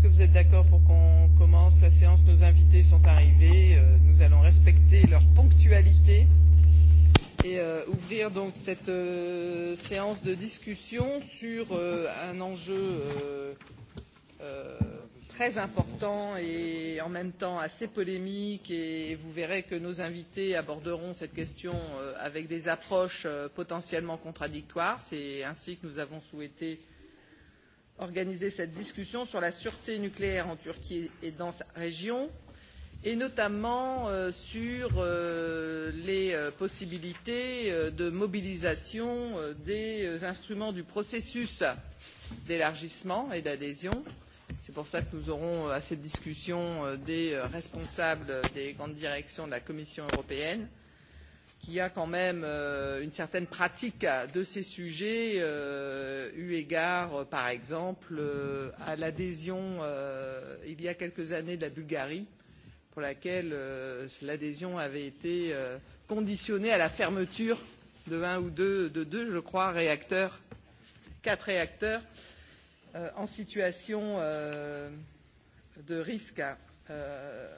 Est-ce que vous êtes d'accord pour qu'on commence La séance, nos invités sont arrivés. Euh, nous allons respecter leur ponctualité et euh, ouvrir donc cette euh, séance de discussion sur euh, un enjeu euh, euh, très important et en même temps assez polémique et vous verrez que nos invités aborderont cette question euh, avec des approches euh, potentiellement contradictoires. C'est ainsi que nous avons souhaité euh, organisé cette discussion sur la sûreté nucléaire en Turquie et dans sa région, et notamment euh, sur euh, les euh, possibilités euh, de mobilisation euh, des euh, instruments du processus d'élargissement et d'adhésion. C'est pour ça que nous aurons euh, à cette discussion euh, des euh, responsables des grandes directions de la Commission européenne. Euh, qui a quand même euh, une certaine pratique de ces sujets, euh, eu égard, euh, par exemple, euh, à l'adhésion euh, il y a quelques années de la Bulgarie, pour laquelle euh, l'adhésion avait été euh, conditionnée à la fermeture de un ou deux, de deux, je crois, réacteurs, quatre réacteurs euh, en situation euh, de risque euh,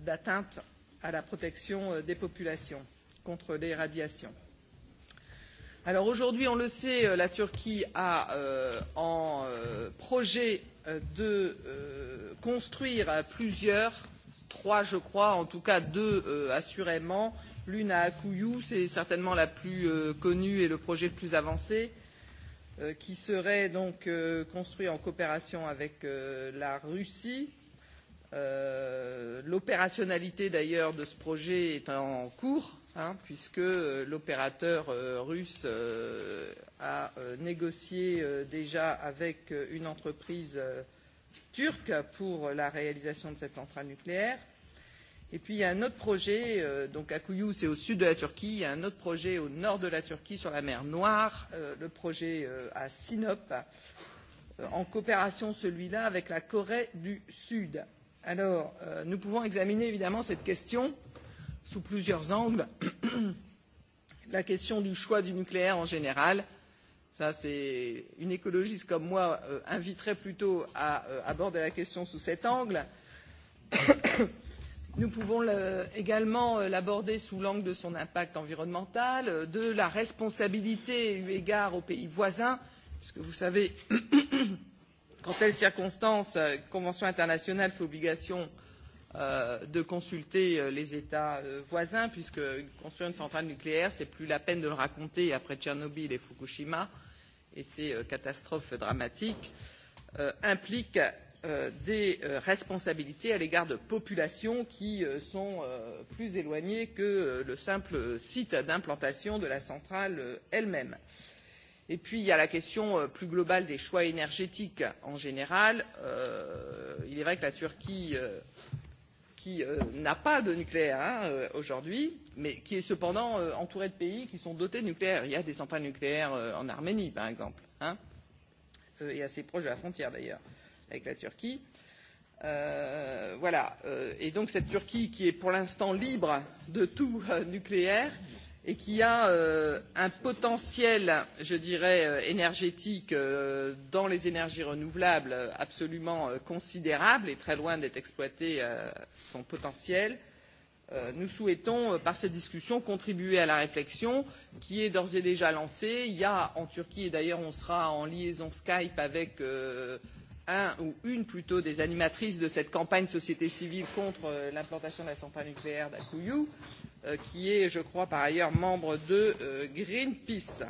d'atteinte à la protection euh, des populations contre les radiations. Alors aujourd'hui, on le sait, euh, la Turquie a euh, en euh, projet euh, de euh, construire euh, plusieurs, trois je crois, en tout cas deux euh, assurément, l'une à Akuyu, c'est certainement la plus euh, connue et le projet le plus avancé, euh, qui serait donc euh, construit en coopération avec euh, la Russie. Euh, L'opérationnalité d'ailleurs de ce projet est en cours hein, puisque euh, l'opérateur euh, russe euh, a euh, négocié euh, déjà avec euh, une entreprise euh, turque pour la réalisation de cette centrale nucléaire. Et puis il y a un autre projet, euh, donc à Kouyou, c'est au sud de la Turquie, il y a un autre projet au nord de la Turquie sur la mer Noire, euh, le projet euh, à Sinop, euh, en coopération celui-là avec la Corée du Sud. Alors, euh, nous pouvons examiner évidemment cette question euh, sous plusieurs angles la question du choix du nucléaire en général ça c'est une écologiste comme moi euh, inviterait plutôt à euh, aborder la question sous cet angle. Nous pouvons le, également euh, l'aborder sous l'angle de son impact environnemental, euh, de la responsabilité eu égard aux pays voisins, puisque vous savez qu'en telle circonstance, la euh, Convention internationale fait obligation euh, Euh, de consulter euh, les États euh, voisins, puisque construire une centrale nucléaire, c'est plus la peine de le raconter après Tchernobyl et Fukushima et ces catastrophes dramatiques implique des responsabilités à l'égard de populations qui sont plus éloignées que le simple site d'implantation de la centrale elle même. Et puis il y a la question plus globale des choix énergétiques en général. Euh, il est vrai que la Turquie qui euh, n'a pas de nucléaire hein, euh, aujourd'hui, mais qui est cependant euh, entouré de pays qui sont dotés de nucléaire. Il y a des centrales nucléaires euh, en Arménie, par exemple, hein, euh, et assez proche de la frontière d'ailleurs avec la Turquie. Euh, voilà. Euh, et donc cette Turquie qui est pour l'instant libre de tout euh, nucléaire euh, et qui a euh, un potentiel je dirais euh, énergétique euh, dans les énergies renouvelables euh, absolument euh, considérable et très loin d'être exploité euh, son potentiel nous souhaitons par cette discussion contribuer à la réflexion qui est d'ores et déjà lancée. il y a en turquie et d'ailleurs on sera en liaison skype avec un ou une plutôt des animatrices de cette campagne société civile contre euh, l'implantation de la centrale nucléaire d'Akuyu, euh, qui est, je crois, par ailleurs membre de euh, Greenpeace.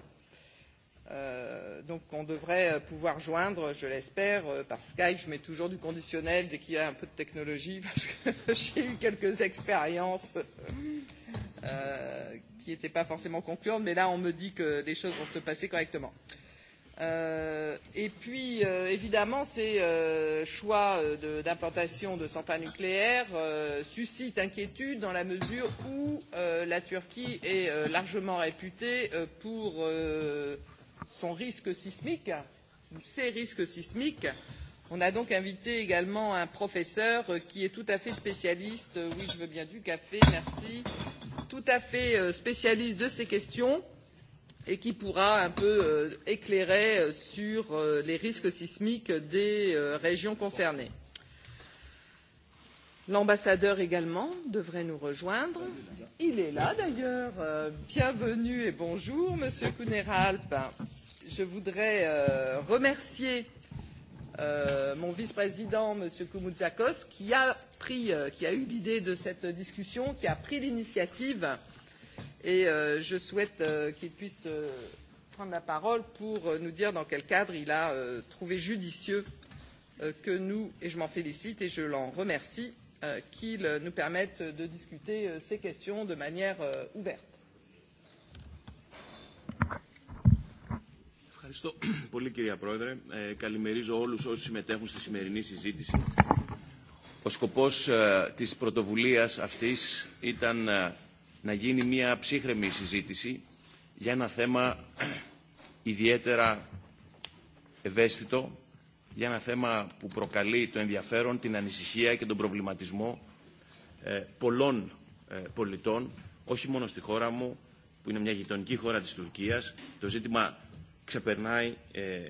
Euh, donc on devrait euh, pouvoir joindre, je l'espère, euh, par Skype, je mets toujours du conditionnel dès qu'il y a un peu de technologie, parce que j'ai eu quelques expériences euh, qui n'étaient pas forcément concluantes, mais là on me dit que les choses vont se passer correctement. Euh, Euh, et puis, euh, évidemment, ces euh, choix euh, d'implantation de, de centrales nucléaires euh, suscitent inquiétude dans la mesure où euh, la Turquie est euh, largement réputée euh, pour euh, son risque sismique, ses risques sismiques. On a donc invité également un professeur euh, qui est tout à fait spécialiste, euh, oui je veux bien du café, merci, tout à fait spécialiste de ces questions. Euh, et qui pourra un peu euh, éclairer euh, sur euh, les risques sismiques des euh, régions concernées. L'ambassadeur également devrait nous rejoindre. Il est là d'ailleurs. Euh, bienvenue et bonjour, Monsieur Kuneralp. Je voudrais euh, remercier mon vice-président, Monsieur Koumoudzakos, qui a, pris, qui a eu l'idée de cette discussion, qui a pris l'initiative euh, et euh, je souhaite euh, qu'il puisse euh, prendre la parole pour euh, nous dire dans quel cadre il a euh, trouvé judicieux euh, que nous et je m'en félicite et je l'en remercie euh, qu'il euh, nous permette de discuter euh, ces questions de manière euh, ouverte. Ευχαριστώ πολύ κυρία Πρόεδρε. Ε, καλημερίζω όλους όσοι συμμετέχουν στη σημερινή συζήτηση. Ο σκοπός ε, της πρωτοβουλίας αυτής ήταν ε, να γίνει μια ψύχρεμη συζήτηση για ένα θέμα ιδιαίτερα ευαίσθητο, για ένα θέμα που προκαλεί το ενδιαφέρον, την ανησυχία και τον προβληματισμό ε, πολλών ε, πολιτών, όχι μόνο στη χώρα μου, που είναι μια γειτονική χώρα της Τουρκίας. Το ζήτημα ξεπερνάει ε,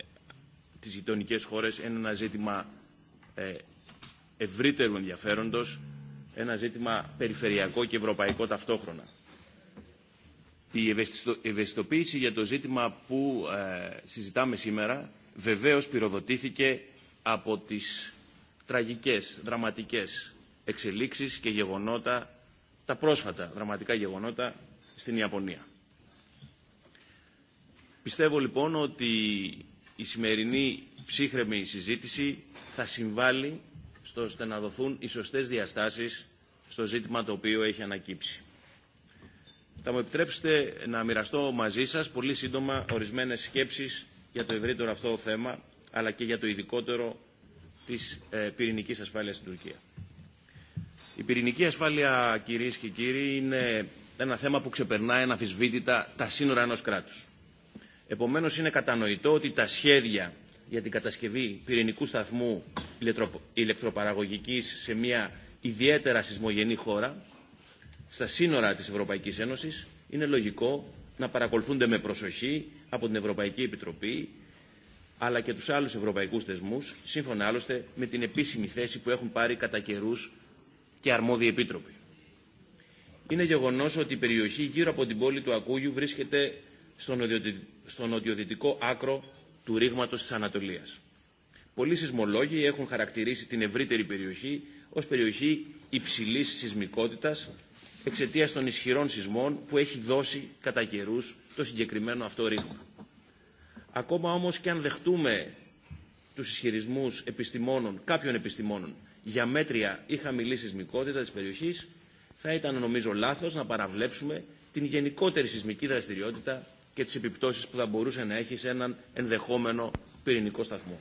τις γειτονικές χώρες, είναι ένα ζήτημα ε, ευρύτερου ενδιαφέροντος, ένα ζήτημα περιφερειακό και ευρωπαϊκό ταυτόχρονα. Η ευαισθητοποίηση για το ζήτημα που ε, συζητάμε σήμερα βεβαίως πυροδοτήθηκε από τις τραγικές, δραματικές εξελίξεις και γεγονότα, τα πρόσφατα δραματικά γεγονότα στην Ιαπωνία. Πιστεύω λοιπόν ότι η σημερινή ψύχρεμη συζήτηση θα συμβάλλει στο ώστε να δοθούν οι σωστές διαστάσεις στο ζήτημα το οποίο έχει ανακύψει. Θα μου επιτρέψετε να μοιραστώ μαζί σας πολύ σύντομα ορισμένες σκέψεις για το ευρύτερο αυτό θέμα, αλλά και για το ειδικότερο της πυρηνικής ασφάλειας στην Τουρκία. Η πυρηνική ασφάλεια, κυρίες και κύριοι, είναι ένα θέμα που ξεπερνάει αναφυσβήτητα τα σύνορα ενός κράτους. Επομένως, είναι κατανοητό ότι τα σχέδια για την κατασκευή πυρηνικού σταθμού ηλεκτροπαραγωγικής σε μια ιδιαίτερα σεισμογενή χώρα, στα σύνορα της Ευρωπαϊκής Ένωσης, είναι λογικό να παρακολουθούνται με προσοχή από την Ευρωπαϊκή Επιτροπή, αλλά και τους άλλους ευρωπαϊκούς θεσμούς, σύμφωνα άλλωστε με την επίσημη θέση που έχουν πάρει κατά καιρού και αρμόδιοι επίτροποι. Είναι γεγονός ότι η περιοχή γύρω από την πόλη του Ακούγιου βρίσκεται στο νοτιοδυτικό άκρο του ρήγματος της Ανατολίας. Πολλοί σεισμολόγοι έχουν χαρακτηρίσει την ευρύτερη περιοχή ως περιοχή υψηλής σεισμικότητας εξαιτίας των ισχυρών σεισμών που έχει δώσει κατά καιρού το συγκεκριμένο αυτό ρήγμα. Ακόμα όμως και αν δεχτούμε τους ισχυρισμούς επιστημόνων, κάποιων επιστημόνων για μέτρια ή χαμηλή σεισμικότητα της περιοχής, θα ήταν νομίζω λάθος να παραβλέψουμε την γενικότερη σεισμική δραστηριότητα και τις επιπτώσεις που θα μπορούσε να έχει σε έναν ενδεχόμενο πυρηνικό σταθμό.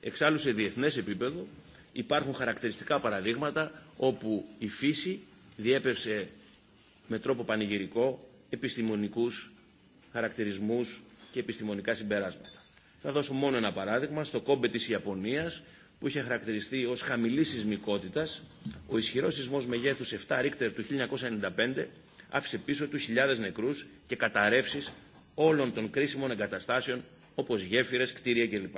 Εξάλλου σε διεθνές επίπεδο υπάρχουν χαρακτηριστικά παραδείγματα όπου η φύση διέπευσε με τρόπο πανηγυρικό επιστημονικούς χαρακτηρισμούς και επιστημονικά συμπεράσματα. Θα δώσω μόνο ένα παράδειγμα. Στο κόμπε της Ιαπωνίας, που είχε χαρακτηριστεί ως χαμηλής σεισμικότητας, ο ισχυρός σεισμός μεγέθους 7 Ρίκτερ του 1995 άφησε πίσω του χιλιάδες νεκρούς και καταρρεύσεις όλων των κρίσιμων εγκαταστάσεων όπως γέφυρες, κτίρια κλπ.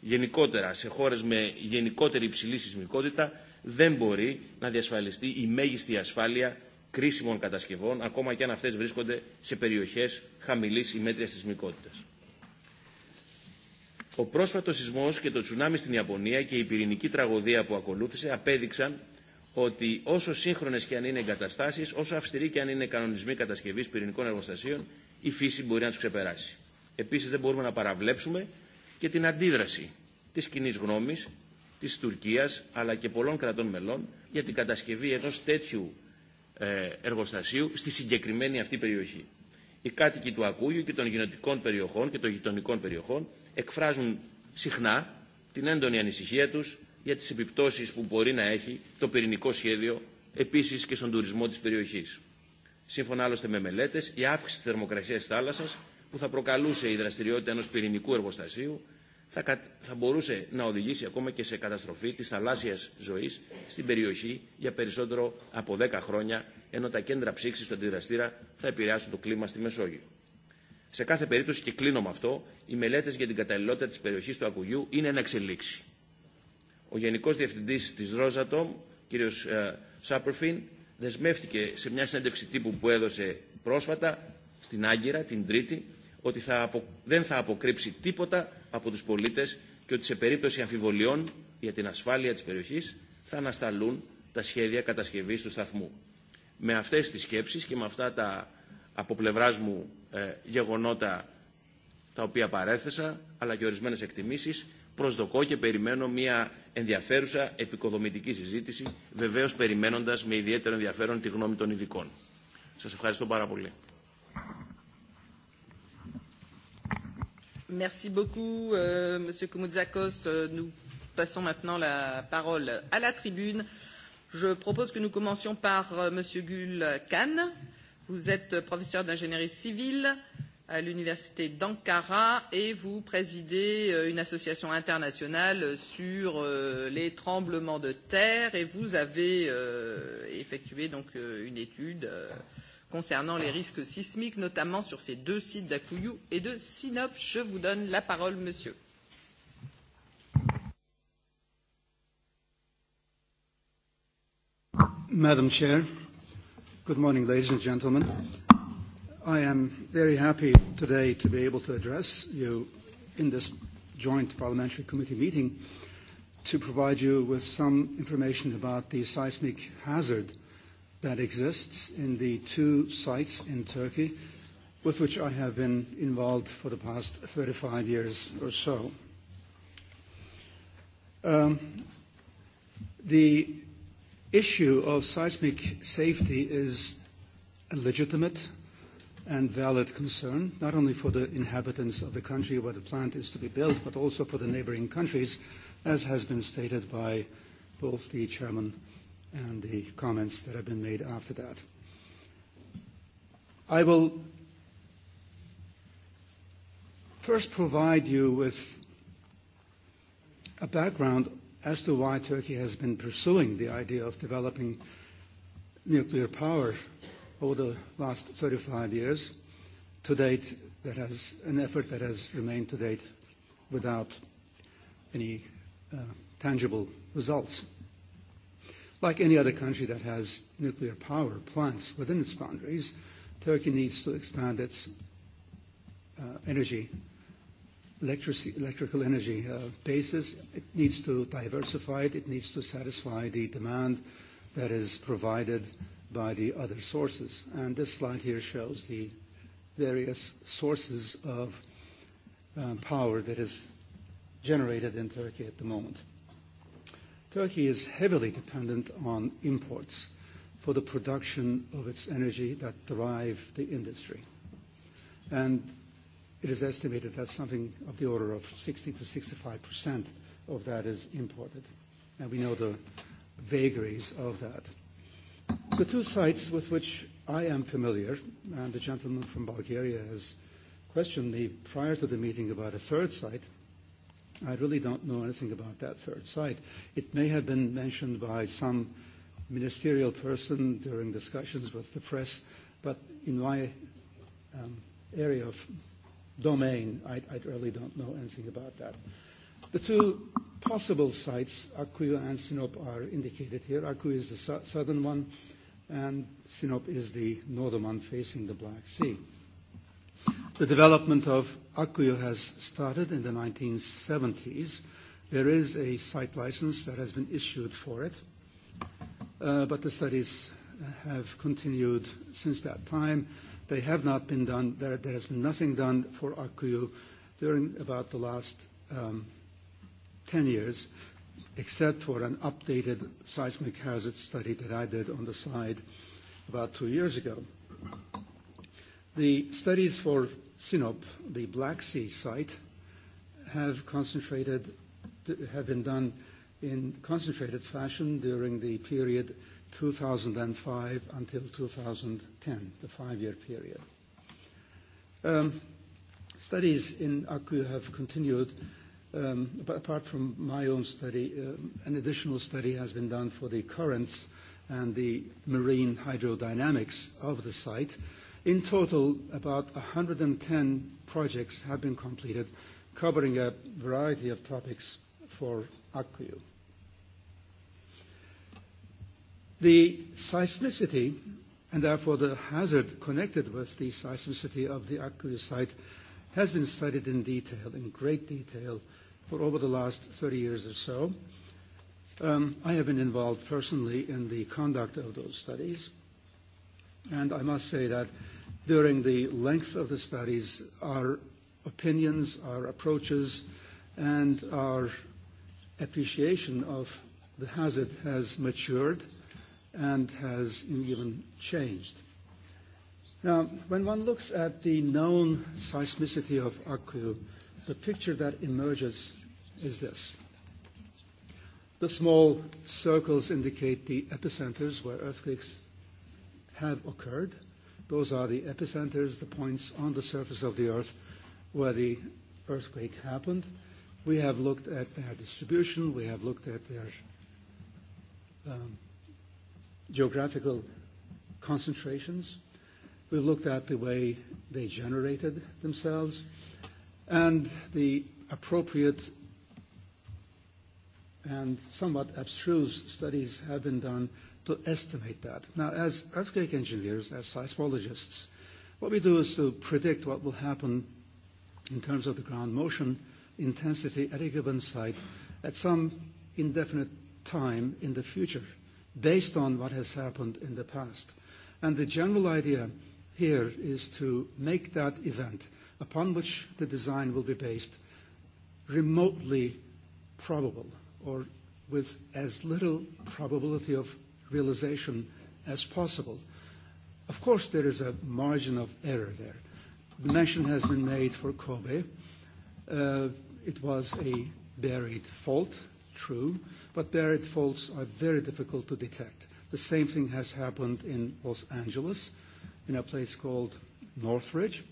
Γενικότερα, σε χώρες με γενικότερη υψηλή σεισμικότητα δεν μπορεί να διασφαλιστεί η μέγιστη ασφάλεια κρίσιμων κατασκευών, ακόμα και αν αυτές βρίσκονται σε περιοχές χαμηλής ή μέτριας σεισμικότητας. Ο πρόσφατος σεισμός και το τσουνάμι στην Ιαπωνία και η πυρηνική τραγωδία που ακολούθησε απέδειξαν ότι όσο σύγχρονες και αν είναι εγκαταστάσεις, όσο αυστηροί και αν είναι κανονισμοί κατασκευής πυρηνικών εργοστασίων, η φύση μπορεί να τους ξεπεράσει. Επίσης δεν μπορούμε να παραβλέψουμε και την αντίδραση της κοινή γνώμης, της Τουρκίας αλλά και πολλών κρατών μελών για την κατασκευή ενός τέτοιου εργοστασίου στη συγκεκριμένη αυτή περιοχή. Οι κάτοικοι του Ακούγιου και των γενετικών περιοχών και των γειτονικών περιοχών εκφράζουν συχνά την έντονη ανησυχία τους για τις επιπτώσεις που μπορεί να έχει το πυρηνικό σχέδιο επίσης και στον τουρισμό της περιοχής. Σύμφωνα άλλωστε με μελέτες, η αύξηση της θερμοκρασίας της θάλασσας που θα προκαλούσε η δραστηριότητα ενός πυρηνικού εργοστασίου θα, κα... θα μπορούσε να οδηγήσει ακόμα και σε καταστροφή της θαλάσσιας ζωής στην περιοχή για περισσότερο από 10 χρόνια, ενώ τα κέντρα ψήξης του αντιδραστήρα θα επηρεάσουν το κλίμα στη Μεσόγειο. Σε κάθε περίπτωση, και κλείνω με αυτό, οι μελέτες για την καταλληλότητα της περιοχής του Ακουγιού είναι να εξελίξει ο Γενικός Διευθυντής της Ρόζατομ, κύριος Σάπερφιν, δεσμεύτηκε σε μια συνέντευξη τύπου που έδωσε πρόσφατα στην Άγκυρα, την Τρίτη, ότι θα απο, δεν θα αποκρύψει τίποτα από τους πολίτες και ότι σε περίπτωση αμφιβολιών για την ασφάλεια της περιοχής θα ανασταλούν τα σχέδια κατασκευής του σταθμού. Με αυτές τις σκέψεις και με αυτά τα από πλευράς μου ε, γεγονότα τα οποία παρέθεσα, αλλά και ορισμένες εκτιμήσεις, προσδοκώ και περιμένω μια ενδιαφέρουσα επικοδομητική συζήτηση, βεβαίως περιμένοντας με ιδιαίτερο ενδιαφέρον τη γνώμη των ειδικών. Σας ευχαριστώ πάρα πολύ. Merci beaucoup, euh, Monsieur Koumoudzakos. Euh, nous passons maintenant la parole à la tribune. Je propose que nous commencions par euh, Monsieur Gul Khan. Vous êtes professeur d'ingénierie civile. Euh, à l'université d'Ankara et vous présidez euh, une association internationale sur euh, les tremblements de terre et vous avez euh, effectué donc une étude concernant les risques sismiques, notamment sur ces deux sites d'Akouyou et de Sinop. Je vous donne la parole, monsieur. Madam Chair, good morning, ladies and gentlemen. I am very happy today to be able to address you in this joint parliamentary committee meeting to provide you with some information about the seismic hazard that exists in the two sites in Turkey with which I have been involved for the past 35 years or so. Um, the issue of seismic safety is a legitimate and valid concern, not only for the inhabitants of the country where the plant is to be built, but also for the neighboring countries, as has been stated by both the chairman and the comments that have been made after that. I will first provide you with a background as to why Turkey has been pursuing the idea of developing nuclear power over the last 35 years. To date, that has an effort that has remained to date without any uh, tangible results. Like any other country that has nuclear power plants within its boundaries, Turkey needs to expand its uh, energy, electric, electrical energy uh, basis. It needs to diversify it. It needs to satisfy the demand that is provided uh, by the other sources. And this slide here shows the various sources of um, power that is generated in Turkey at the moment. Turkey is heavily dependent on imports for the production of its energy that drive the industry. And it is estimated that something of the order of 60%-65% of that is imported. And we know the vagaries of that. The two sites with which I am familiar, and the gentleman from Bulgaria has questioned me prior to the meeting about a third site, I really don't know anything about that third site. It may have been mentioned by some ministerial person during discussions with the press, but in my um, area of domain, I, I really don't know anything about that. The two possible sites, Akkuyu and Sinop, are indicated here. Akkuyu is the su- southern one, and Sinop is the northern one facing the Black Sea. The development of Akkuyu has started in the 1970s. There is a site license that has been issued for it, uh, but the studies have continued since that time. They have not been done. There, there has been nothing done for Akkuyu during about the last um, 10 years, except for an updated seismic hazard study that I did on the slide about two years ago. The studies for Sinop, the Black Sea site, have concentrated, have been done in concentrated fashion during the period 2005 until 2010, the five-year period. Um, studies in Akku have continued Um, apart from my own study, uh, an additional study has been done for the currents and the marine hydrodynamics of the site. In total, about 110 projects have been completed, covering a variety of topics for Akkuyu. The seismicity, and therefore the hazard connected with the seismicity of the Akkuyu site, has been studied in detail, in great detail, uh, for over the last 30 years or so. Um, I have been involved personally in the conduct of those studies, and I must say that during the length of the studies, our opinions, our approaches, and our appreciation of the hazard has matured and has even changed. Now, when one looks at the known seismicity of Akku, the picture that emerges is this. The small circles indicate the epicenters where earthquakes have occurred. Those are the epicenters, the points on the surface of the Earth where the earthquake happened. We have looked at their distribution. We have looked at their um, geographical concentrations. We've looked at the way they generated themselves and the appropriate and somewhat abstruse studies have been done to estimate that. Now, as earthquake engineers, as seismologists, what we do is to predict what will happen in terms of the ground motion intensity at a given site at some indefinite time in the future based on what has happened in the past. And the general idea here is to make that event – upon which the design will be based remotely probable or with as little probability of realization as possible. Of course, there is a margin of error there. The mention has been made for Kobe. Uh, it was a buried fault, true, but buried faults are very difficult to detect. The same thing has happened in Los Angeles, in a place called Northridge. Uh,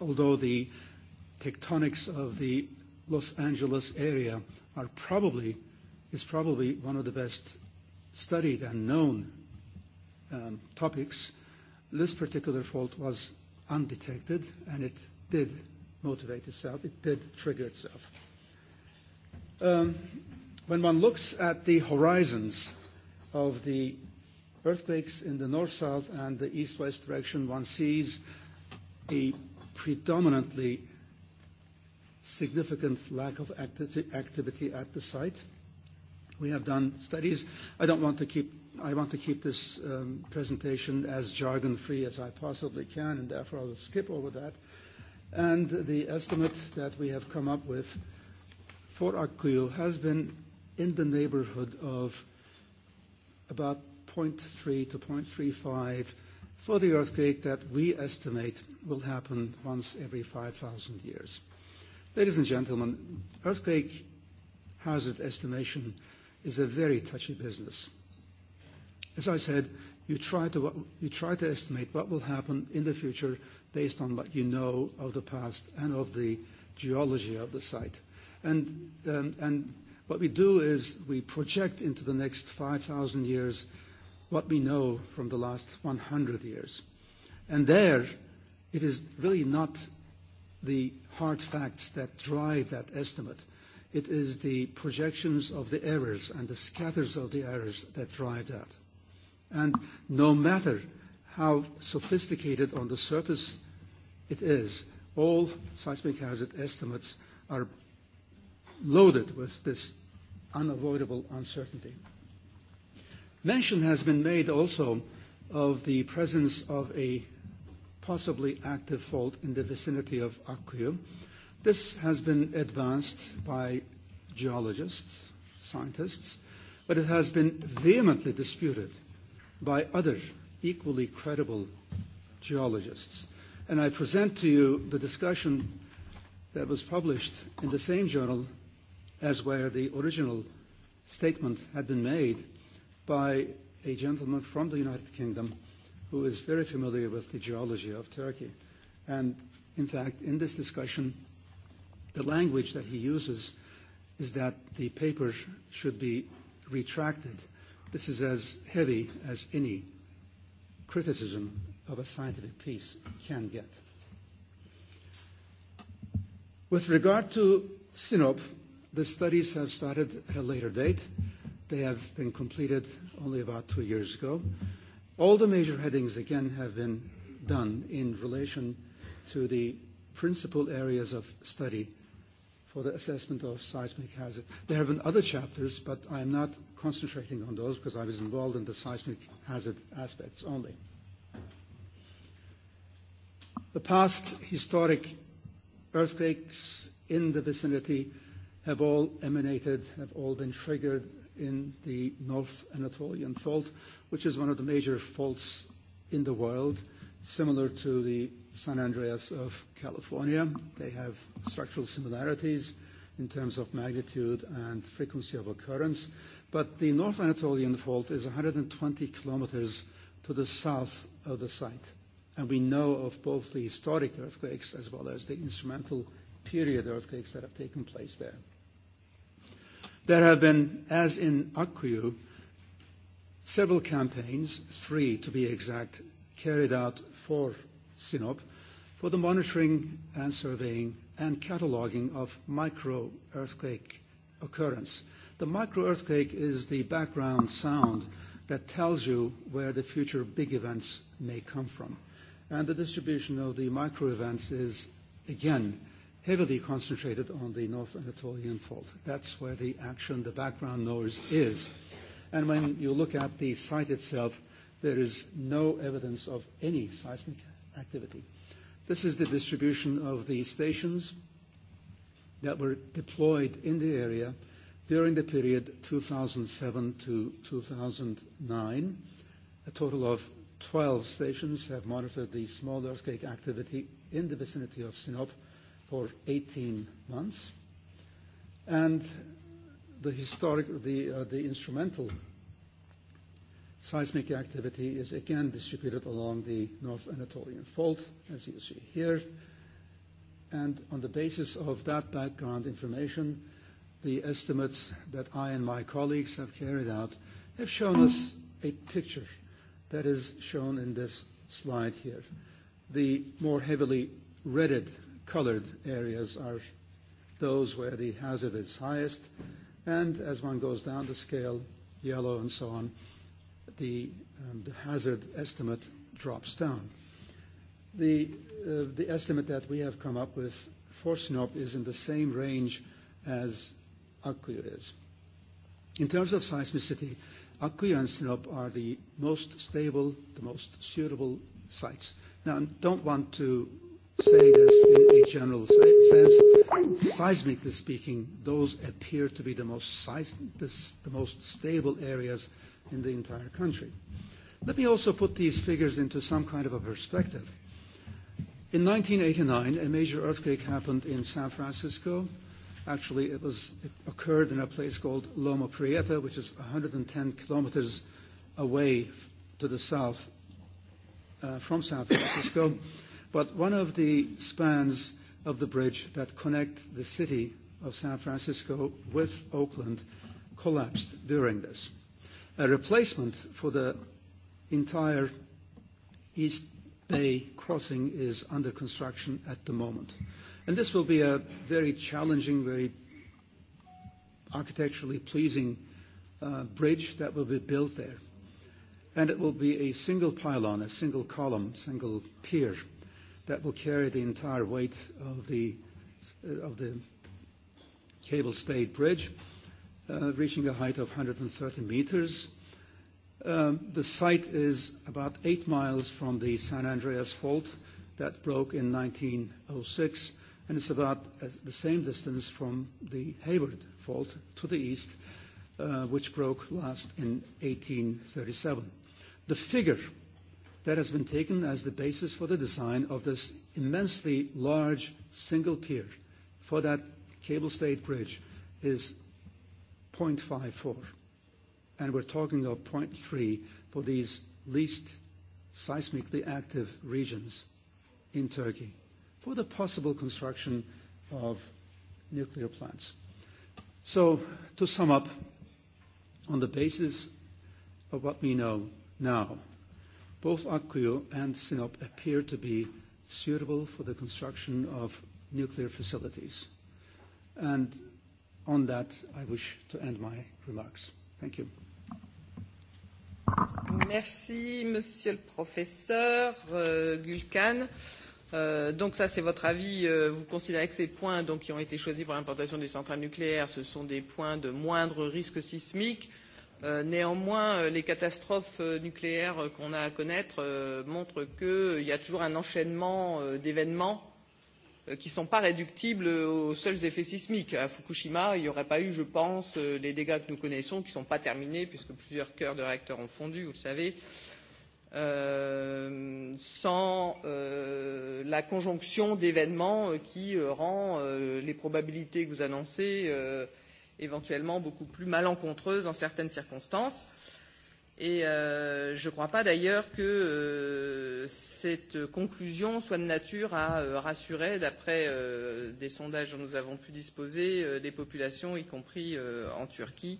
although the tectonics of the Los Angeles area are probably, is probably one of the best studied and known um, topics, this particular fault was undetected and it did motivate itself, it did trigger itself. Um, when one looks at the horizons of the earthquakes in the north-south and the east-west direction, one sees the predominantly significant lack of acti activity at the site. We have done studies. I don't want to keep I want to keep this um, presentation as jargon-free as I possibly can, and therefore I will skip over that. And the estimate that we have come up with for Akkuyu has been in the neighborhood of about 0.3 to 0.35 for the earthquake that we estimate will happen once every 5,000 years. Ladies and gentlemen, earthquake hazard estimation is a very touchy business. As I said, you try to, you try to estimate what will happen in the future based on what you know of the past and of the geology of the site. And, um, and what we do is we project into the next 5,000 years what we know from the last 100 years. And there, It is really not the hard facts that drive that estimate. It is the projections of the errors and the scatters of the errors that drive that. And no matter how sophisticated on the surface it is, all seismic hazard estimates are loaded with this unavoidable uncertainty. Mention has been made also of the presence of a possibly active fault in the vicinity of Akkuyu. This has been advanced by geologists, scientists, but it has been vehemently disputed by other equally credible geologists. And I present to you the discussion that was published in the same journal as where the original statement had been made by a gentleman from the United Kingdom who is very familiar with the geology of Turkey. And in fact, in this discussion, the language that he uses is that the paper should be retracted. This is as heavy as any criticism of a scientific piece can get. With regard to SYNOP, the studies have started at a later date. They have been completed only about two years ago. All the major headings, again, have been done in relation to the principal areas of study for the assessment of seismic hazard. There have been other chapters, but I'm not concentrating on those because I was involved in the seismic hazard aspects only. The past historic earthquakes in the vicinity have all emanated, have all been triggered in the North Anatolian Fault, which is one of the major faults in the world, similar to the San Andreas of California. They have structural similarities in terms of magnitude and frequency of occurrence. But the North Anatolian Fault is 120 kilometers to the south of the site. And we know of both the historic earthquakes as well as the instrumental period earthquakes that have taken place there. There have been, as in Akkuyu, several campaigns, three to be exact, carried out for SINOP for the monitoring and surveying and cataloging of micro-earthquake occurrence. The micro-earthquake is the background sound that tells you where the future big events may come from. And the distribution of the micro-events is, again, heavily concentrated on the North Anatolian Fault. That's where the action, the background noise is. And when you look at the site itself, there is no evidence of any seismic activity. This is the distribution of the stations that were deployed in the area during the period 2007 to 2009. A total of 12 stations have monitored the small earthquake activity in the vicinity of Sinop, for 18 months. And the historic, the, uh, the instrumental seismic activity is again distributed along the North Anatolian Fault, as you see here. And on the basis of that background information, the estimates that I and my colleagues have carried out have shown us a picture that is shown in this slide here. The more heavily redded colored areas are those where the hazard is highest, and as one goes down the scale, yellow and so on, the, um, the hazard estimate drops down. The, uh, the estimate that we have come up with for SNOP is in the same range as Akkuyu is. In terms of seismicity, Akkuyu and SNOP are the most stable, the most suitable sites. Now, I don't want to say this in a general sense. Seismically speaking, those appear to be the most, seis- this, the most stable areas in the entire country. Let me also put these figures into some kind of a perspective. In 1989, a major earthquake happened in San Francisco. Actually, it, was, it occurred in a place called Loma Prieta, which is 110 kilometers away to the south uh, from San Francisco but one of the spans of the bridge that connect the city of San Francisco with Oakland collapsed during this. A replacement for the entire East Bay crossing is under construction at the moment. And this will be a very challenging, very architecturally pleasing uh, bridge that will be built there. And it will be a single pylon, a single column, single pier uh, that will carry the entire weight of the, uh, of the cable stayed bridge, uh, reaching a height of 130 meters. Um, the site is about eight miles from the San Andreas Fault that broke in 1906, and it's about the same distance from the Hayward Fault to the east, uh, which broke last in 1837. The figure that has been taken as the basis for the design of this immensely large single pier for that cable stayed bridge is 0.54, and we're talking of 0.3 for these least seismically active regions in Turkey for the possible construction of nuclear plants. So to sum up, on the basis of what we know now, Both Akkuyu and Sinop appear to be suitable for the construction of nuclear facilities. And on that, I wish to end my remarks. Thank you. Merci, monsieur le professeur euh, Gulkan. Euh, donc ça, c'est votre avis. Euh, vous considérez que ces points donc, qui ont été choisis pour l'implantation des centrales nucléaires, ce sont des points de moindre risque sismique. Euh, néanmoins euh, les catastrophes euh, nucléaires qu'on a à connaître montrent qu'il y a toujours un enchaînement d'événements qui ne sont pas réductibles aux seuls effets sismiques. à fukushima il n'y aurait pas eu je pense les dégâts que nous connaissons qui ne sont pas terminés puisque plusieurs cœurs de réacteurs ont fondu vous le savez euh, sans euh, la conjonction d'événements qui rend euh, les probabilités que vous annoncez euh, éventuellement beaucoup plus malencontreuse dans certaines circonstances. Et euh, je ne crois pas d'ailleurs que euh, cette conclusion soit de nature à euh, rassurer, d'après euh, des sondages dont nous avons pu disposer, euh, les populations, y compris euh, en Turquie,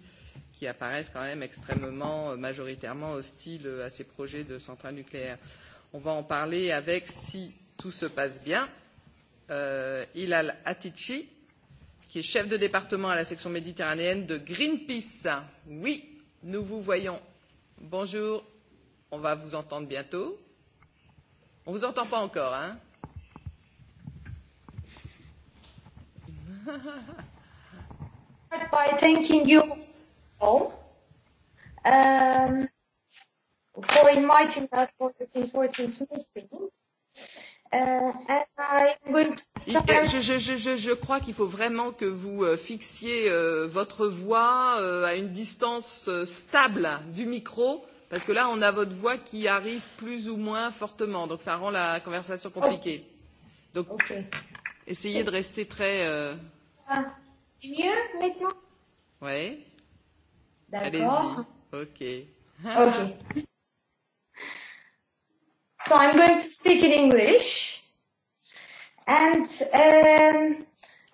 qui apparaissent quand même extrêmement euh, majoritairement hostiles euh, à ces projets de centrales nucléaires. On va en parler avec, si tout se passe bien, euh, Ilal Atici, qui est chef de département à la section méditerranéenne de Greenpeace. Oui, nous vous voyons. Bonjour, on va vous entendre bientôt. On ne vous entend pas encore, hein By thanking you all um, for inviting us for this important meeting Je, je, je, je, je crois qu'il faut vraiment que vous fixiez euh, votre voix euh, à une distance euh, stable du micro, parce que là, on a votre voix qui arrive plus ou moins fortement, donc ça rend la conversation compliquée. Donc, okay. essayez de rester très. Euh... Ah, mieux maintenant. Oui. D'accord. Ok. ok. So I'm going to speak in English. And um,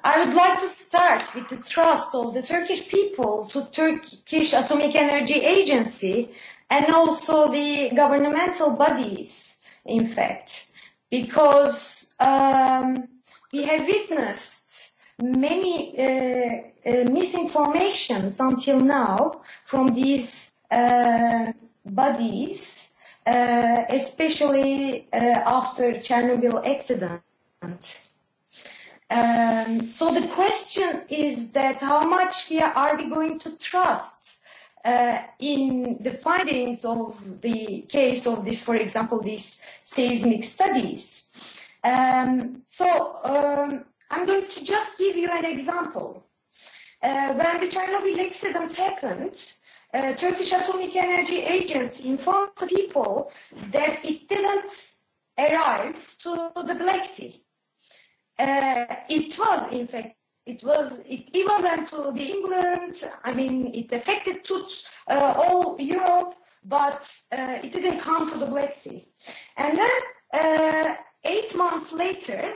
I would like to start with the trust of the Turkish people to Turkish Atomic Energy Agency and also the governmental bodies, in fact, because um, we have witnessed many uh, uh, misinformations until now from these uh, bodies uh, especially uh, after Chernobyl accident. Um, so the question is that how much we are we going to trust uh, in the findings of the case of this, for example, these seismic studies. Um, so um, I'm going to just give you an example. Uh, when the Chernobyl accident happened, uh, uh, Turkish Atomic Energy Agency informed the people that it didn't arrive to the Black Sea. Uh, it was, in fact, it was, it even went to the England. I mean, it affected to uh, all Europe, but uh, it didn't come to the Black Sea. And then uh, eight months later,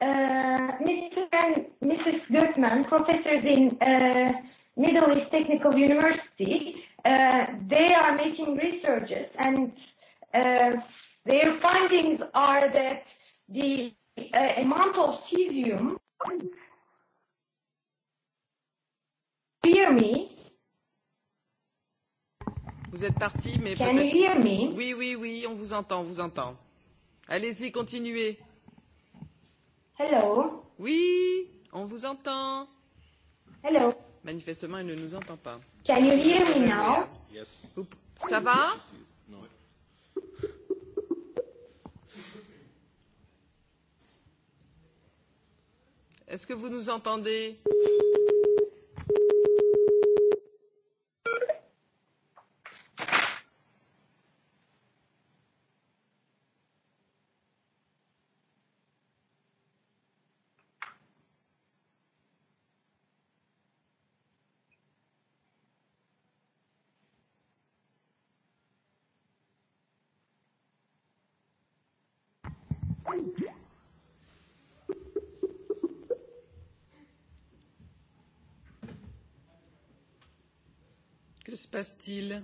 uh, Mr. and Mrs. Gutman, professors in uh, Middle East Technical University. Uh, they are making researches and uh, their findings are that the uh, amount of cesium, hear me? Vous êtes parti, mais Can you hear me? Oui, oui, oui, on vous entend, on vous entend. Allez-y, continuez. Hello. Oui, on vous entend. Hello. Manifestement, il ne nous entend pas. Can you hear me now? Yes. Ça va? No. Est-ce que vous nous entendez? Que se passe-t-il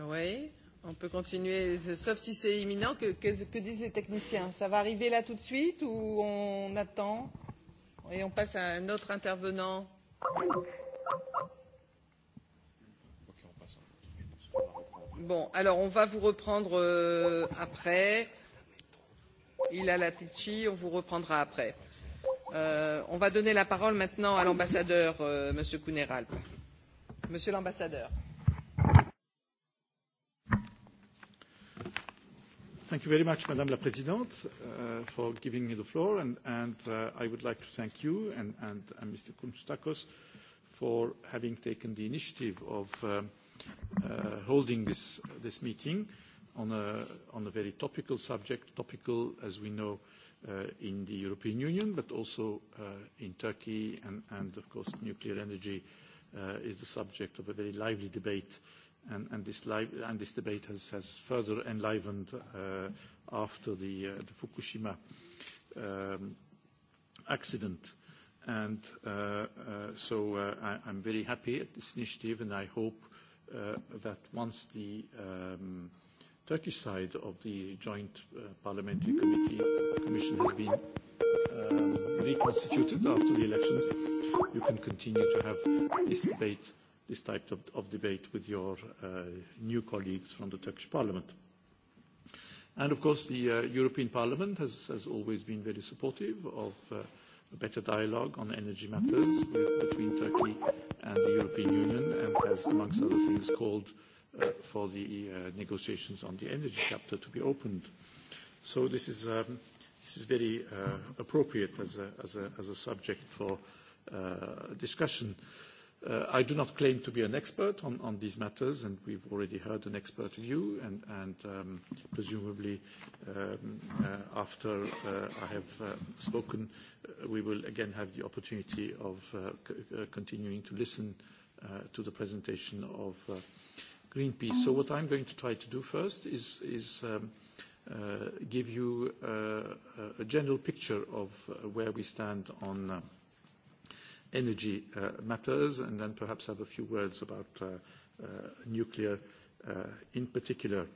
Oui, on peut continuer, sauf si c'est imminent. Que, que, que disent les techniciens Ça va arriver là tout de suite ou on attend et on passe à un autre intervenant Thank you. Bon, alors on va vous reprendre euh, après. Il a la Tichy, on vous reprendra après. Euh, on va donner la parole maintenant à l'ambassadeur, euh, Monsieur Kuneralp. Monsieur l'ambassadeur. Thank you very much, Madame la Présidente, uh, for giving me the floor, and, and uh, I would like to thank you and, and, and Mr. Koumstakos for having taken the initiative of. Um, uh, uh, holding this, this meeting on a, on a very topical subject, topical, as we know, uh, in the European Union, but also uh, in Turkey, and, and of course, nuclear energy uh, is the subject of a very lively debate, and, and, this, live, and this debate has, has further enlivened uh, after the, uh, the Fukushima um, accident. And uh, uh, so uh, I, I'm very happy at this initiative, and I hope uh, that once the um, Turkish side of the Joint uh, Parliamentary Committee uh, Commission has been um, reconstituted after the elections, you can continue to have this debate, this type of, of debate with your uh, new colleagues from the Turkish Parliament. And of course, the uh, European Parliament has, has always been very supportive of uh, a better dialogue on energy matters with, between Turkey and the European Union and has, amongst other things, called uh, for the uh, negotiations on the energy chapter to be opened. So this is, um, this is very uh, appropriate as a, as, a, as a subject for uh, discussion. Uh, Uh, I do not claim to be an expert on, on these matters, and we've already heard an expert view, and, and um, presumably, um, uh, after uh, I have uh, spoken, uh, we will again have the opportunity of uh, continuing to listen to the presentation of Greenpeace. So what I'm going to try to do first is, is um, give you a general picture of where we stand on energy uh, matters, and then perhaps have a few words about uh, uh, nuclear uh, in particular.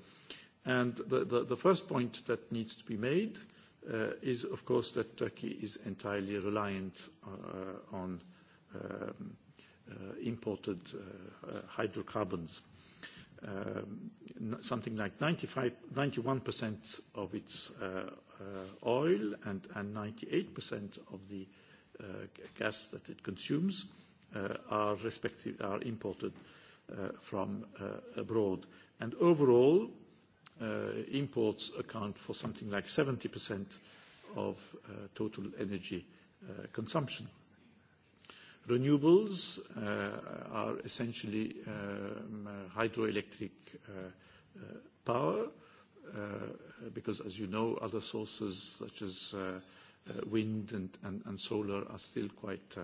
And the, the, the first point that needs to be made uh, is, of course, that Turkey is entirely reliant uh, on um, uh, imported uh, uh, hydrocarbons. Um, something like 95, 91% of its uh, uh, oil and, and 98% of the uh, Uh, gas that it consumes uh, are, are imported uh, from abroad. And overall, imports account for something like 70% of total energy consumption. Renewables are essentially um, hydroelectric power, because as you know, other sources such as Uh, wind and, and, and solar are still quite uh,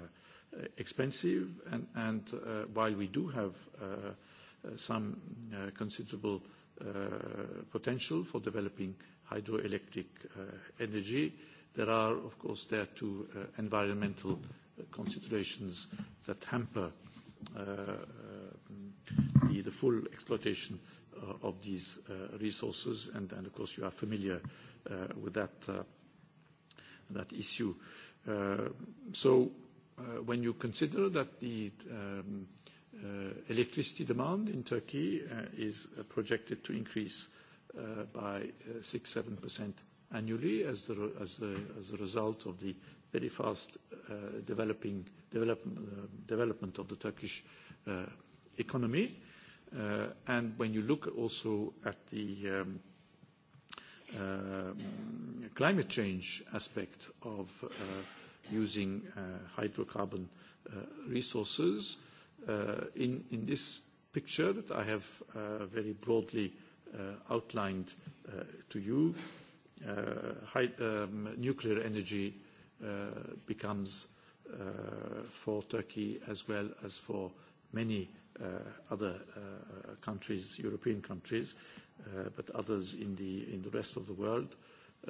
expensive. And, uh, while we do have some considerable potential for developing hydroelectric energy, there are, of course, there too, environmental considerations that hamper Uh, the, the full exploitation uh, of these uh, resources. And, and of course, you are familiar with that that issue. Uh, so, uh, when you consider that the um, uh, electricity demand in Turkey is projected to increase by 6%-7% annually as the, as, the, as a result of the very fast developing develop, development of the Turkish economy. And when you look also at the um, uh, climate change aspect of uh, using uh, hydrocarbon uh, resources. Uh, in, in this picture that I have uh, very broadly uh, outlined uh, to you, uh, high, um, nuclear energy uh, becomes uh, for Turkey as well as for many uh, other uh, countries, European countries, uh, uh, but others in the, in the rest of the world,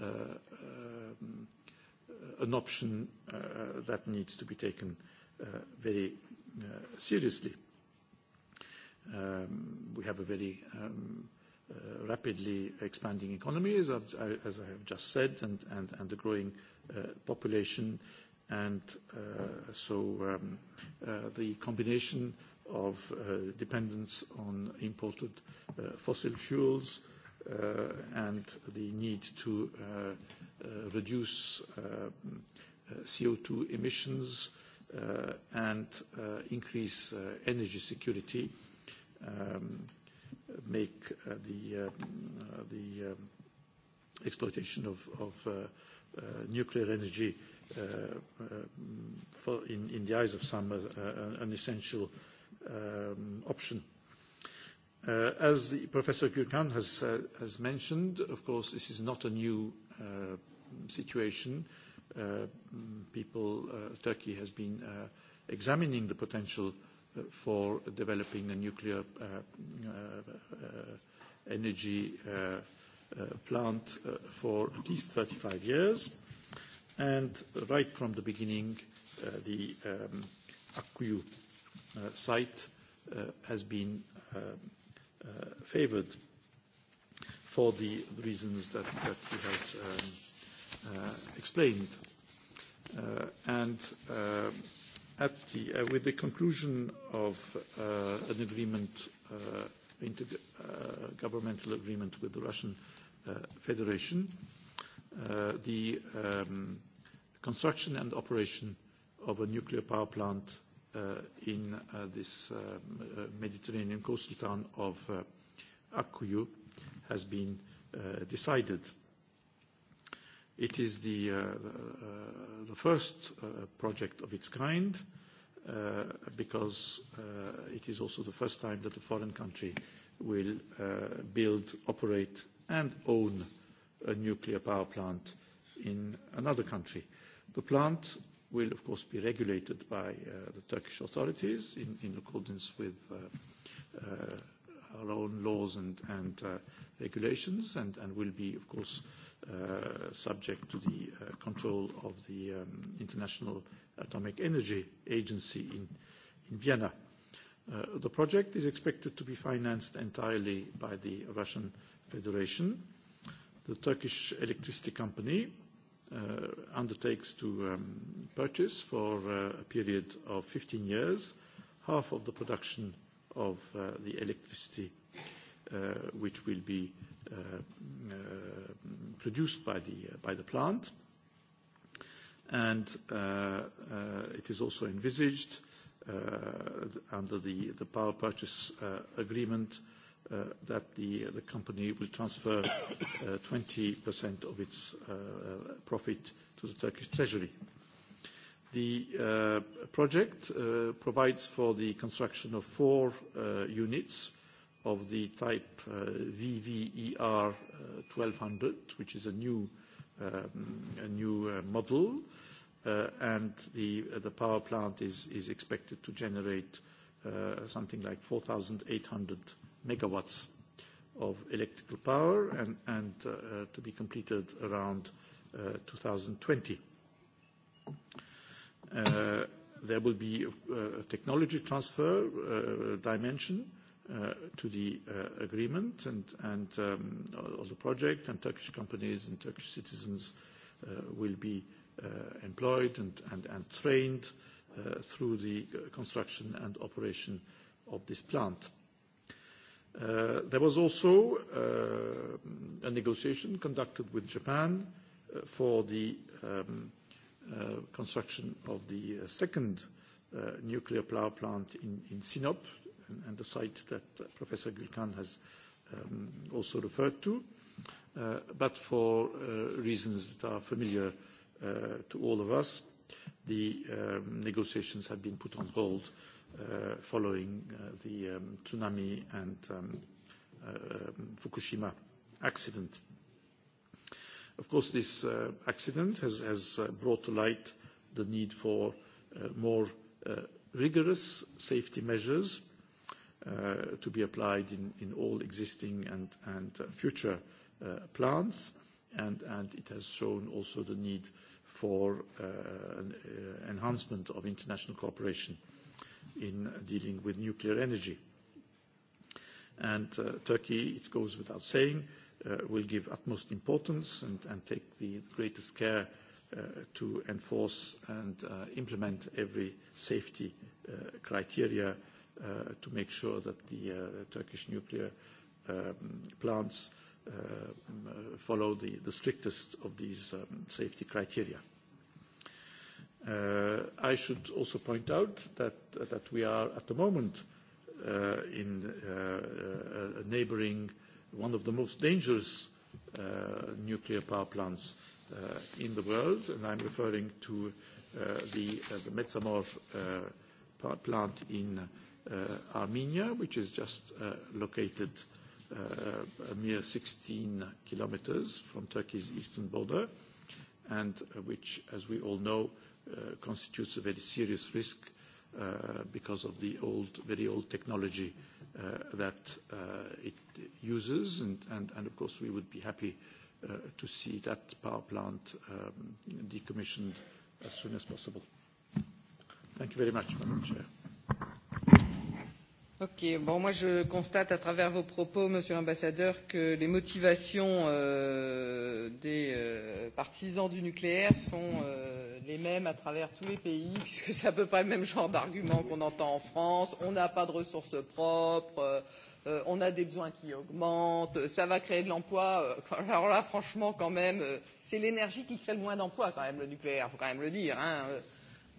uh, um, an option uh, that needs to be taken uh, very uh, seriously. Um, we have a very um, uh, rapidly expanding economy, as I've, as I have just said, and, and, and a growing uh, population. And uh, so um, uh, the combination of uh, dependence on imported uh, fossil fuels uh, and the need to uh, uh, reduce uh, uh CO2 emissions uh, and uh, increase uh, energy security um, make uh, the, uh, the uh, exploitation of, of uh, uh, nuclear energy uh, uh, for in, in the eyes of some uh, uh, an essential uh, um, option. Uh, as the, Professor Gürkan has, uh, has mentioned, of course, this is not a new uh, situation. Uh, people, uh, Turkey has been uh, examining the potential uh, for developing a nuclear uh, uh, uh, energy uh, uh, plant uh, for at least 35 years. And right from the beginning, uh, the um, ACU Uh, site uh, has been um, uh, favored for the reasons that, that he has um, explained. And the, with the conclusion of an agreement intergovernmental uh, agreement with the Russian uh, Federation, uh, the um, construction and operation of a nuclear power plant Uh, in uh, this uh, Mediterranean coastal town of Akkuyu has been decided. It is the, the first project of its kind Uh, because uh, it is also the first time that a foreign country will uh, build, operate, and own a nuclear power plant in another country. The plant will, of course, be regulated by uh, the Turkish authorities in, in accordance with uh, uh, our own laws and, and uh, regulations and, and will be, of course, uh, subject to the uh, control of the um, International Atomic Energy Agency in, in Vienna. Uh, the project is expected to be financed entirely by the Russian Federation. The Turkish electricity company Uh, undertakes to um, purchase for uh, a period of 15 years, half of the production of uh, the electricity which will be produced by the, by the plant. And, it is also envisaged under the, the power purchase agreement uh, that the, uh, the company will transfer uh, 20% of its uh, profit to the Turkish treasury. The uh, project uh, provides for the construction of four uh, units of the type uh, VVER uh, 1200, which is a new, um, a new uh, model, uh, and the, uh, the power plant is, is expected to generate uh, something like 4,800 uh, megawatts of electrical power and, and uh, uh to be completed around uh, 2020. Uh, there will be a, uh, a technology transfer uh, dimension to the agreement and, and um, of the project, and Turkish companies and Turkish citizens will be employed and, and trained through the construction and operation of this plant. Uh, there was also uh, a negotiation conducted with Japan uh, for the um, uh, construction of the uh, second uh, nuclear power plant in, in Sinop, and, and the site that Professor Gülkan has um, also referred to. But for reasons that are familiar to all of us, the um, negotiations have been put on hold uh, following uh, the um, tsunami and um, uh, um, Fukushima accident. Of course, this uh, accident has, has uh, brought to light the need for uh, more uh, rigorous safety measures uh, to be applied in, in all existing and, and uh, future uh, plants. And, and it has shown also the need for uh, an uh, enhancement of international cooperation in dealing with nuclear energy. And uh, Turkey, it goes without saying, uh, will give utmost importance and, and take the greatest care uh, to enforce and uh, implement every safety uh, criteria uh, to make sure that the uh, Turkish nuclear um, plants uh, follow the, the strictest of these um, safety criteria. Uh, Uh, I should also point out that, that we are at the moment uh, in uh, neighboring one of the most dangerous uh, nuclear power plants uh, in the world, and I'm referring to uh, the, the Metsamor power plant in Armenia, which is just located a mere 16 kilometers from Turkey's eastern border, and which, as we all know, uh, constitutes a very serious risk uh, because of the old, very old technology uh, that uh, it uses. And, and, and of course, we would be happy uh, to see that power plant um, decommissioned as soon as possible. Thank you very much, Madam Chair. Okay, bon, moi je constate à travers vos propos, Monsieur l'ambassadeur, que les motivations euh, des euh, partisans du nucléaire sont euh, les mêmes à travers tous les pays, puisque c'est à peu près le même genre d'argument qu'on entend en France. On n'a pas de ressources propres, euh, on a des besoins qui augmentent, ça va créer de l'emploi. Euh, alors là, franchement, quand même, euh, c'est l'énergie qui crée le moins d'emplois, quand même, le nucléaire, il faut quand même le dire. Hein. Euh.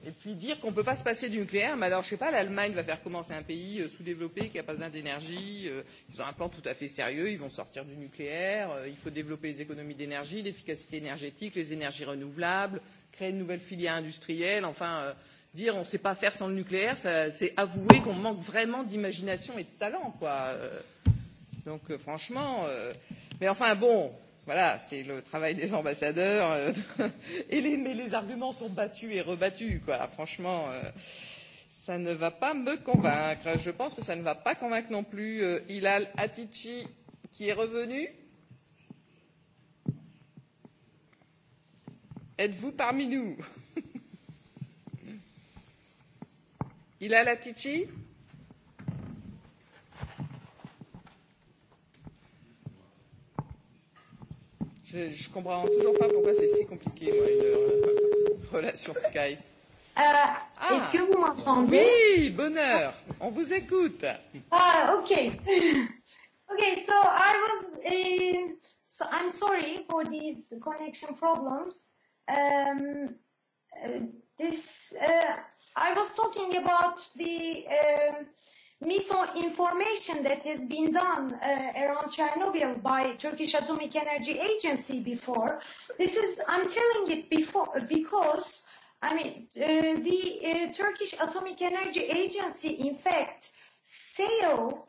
Et puis dire qu'on ne peut pas se passer du nucléaire, mais alors je ne sais pas, l'Allemagne va faire commencer un pays euh, sous-développé qui n'a pas besoin d'énergie, euh, ils ont un plan tout à fait sérieux, ils vont sortir du nucléaire, euh, il faut développer les économies d'énergie, l'efficacité énergétique, les énergies renouvelables, créer de nouvelles filières industrielles, enfin euh, dire on ne sait pas faire sans le nucléaire, c'est avouer qu'on manque vraiment d'imagination et de talent, quoi. Euh, donc euh, franchement, euh, mais enfin bon, voilà, c'est le travail des ambassadeurs, euh, et les, mais les arguments sont battus et rebattus, quoi. Franchement. Euh, ça ne va pas me convaincre. Je pense que ça ne va pas convaincre non plus euh, Hilal Atici qui est revenu. Euh, Êtes-vous parmi nous Il a la Tichi je, je comprends toujours pas pourquoi c'est si compliqué, moi, une euh, relation Skype. Euh, ah, Est-ce que vous m'entendez Oui, bonheur, on vous écoute. Ah, ok. Okay, so I was, uh, so I'm sorry for these connection problems. Um, this uh, I was talking about the um, misinformation that has been done uh, around Chernobyl by Turkish Atomic Energy Agency before. This is I'm telling it before because I mean uh, the uh, Turkish Atomic Energy Agency in fact failed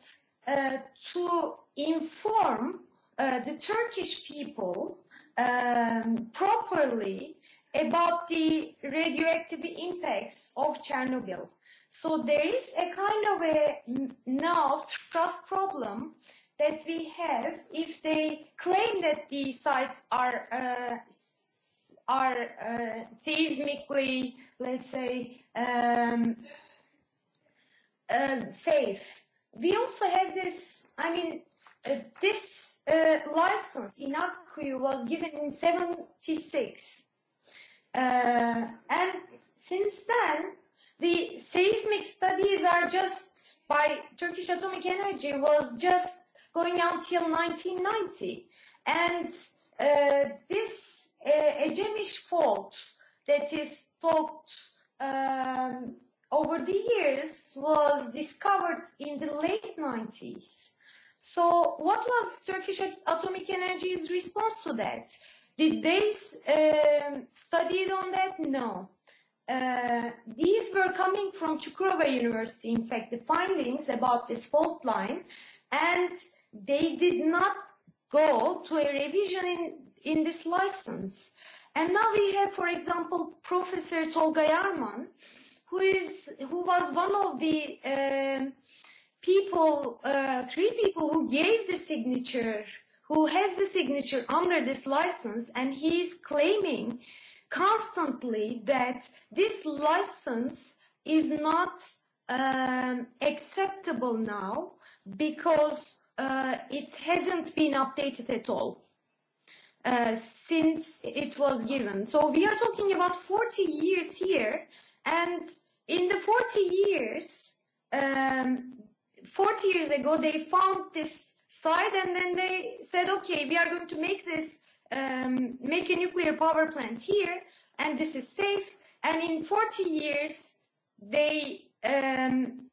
uh, to inform uh, the Turkish people Um, properly about the radioactive impacts of Chernobyl. So there is a kind of a now trust problem that we have if they claim that the sites are uh, are uh, seismically, let's say, um, uh, safe. We also have this. I mean, uh, this Uh, license in Akkuyu was given in 76. Uh, and since then, the seismic studies are just by Turkish Atomic Energy was just going until 1990. And uh, this uh, Ecemish fault that is talked um, over the years was discovered in the late 90s. So what was Turkish Atomic Energy's response to that? Did they um, studied on that? No. Uh, these were coming from Çukurova University, in fact, the findings about this fault line, and they did not go to a revision in, in this license. And now we have, for example, Professor Tolga Yarman, who is who was one of the um, people, uh, three people who gave the signature, who has the signature under this license, and he is claiming constantly that this license is not um, acceptable now because uh, it hasn't been updated at all uh, since it was given. So we are talking about 40 years here, and in the 40 years, um, 40 years ago, they found this site and then they said, okay, we are going to make this, um, make a nuclear power plant here and this is safe. And in 40 years, they, um,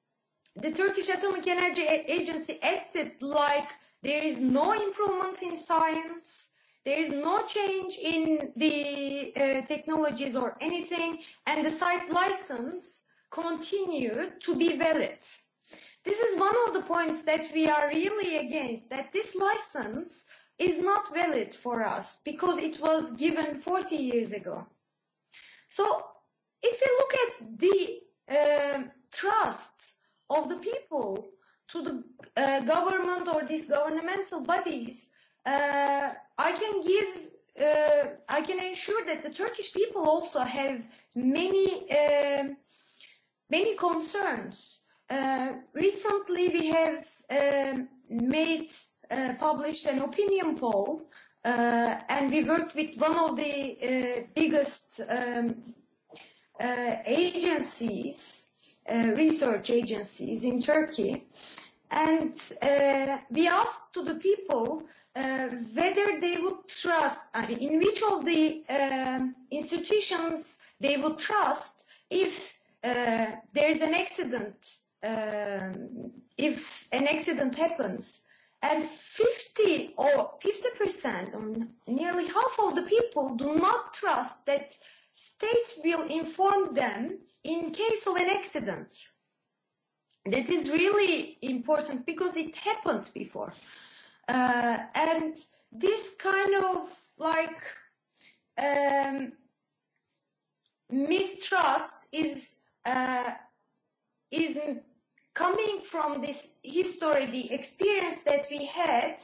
the Turkish Atomic Energy Agency acted like there is no improvement in science. There is no change in the uh, technologies or anything, and the site license continued to be valid. Uh, This is one of the points that we are really against, that this license is not valid for us because it was given 40 years ago. So if you look at the uh, trust of the people to the uh, government or these governmental bodies, uh, I can give uh, I can ensure that the Turkish people also have many uh, many concerns Uh, recently, we have um, made uh, published an opinion poll, uh, and we worked with one of the uh, biggest um, uh, agencies, uh, research agencies in Turkey, and uh, we asked to the people uh, whether they would trust, I mean, in which of the uh, institutions they would trust if uh, there is an accident um, if an accident happens and 50 or 50 percent, nearly half of the people do not trust that state will inform them in case of an accident. That is really important because it happened before. Uh, and this kind of like um, mistrust is uh, is coming from this history, the experience that we had,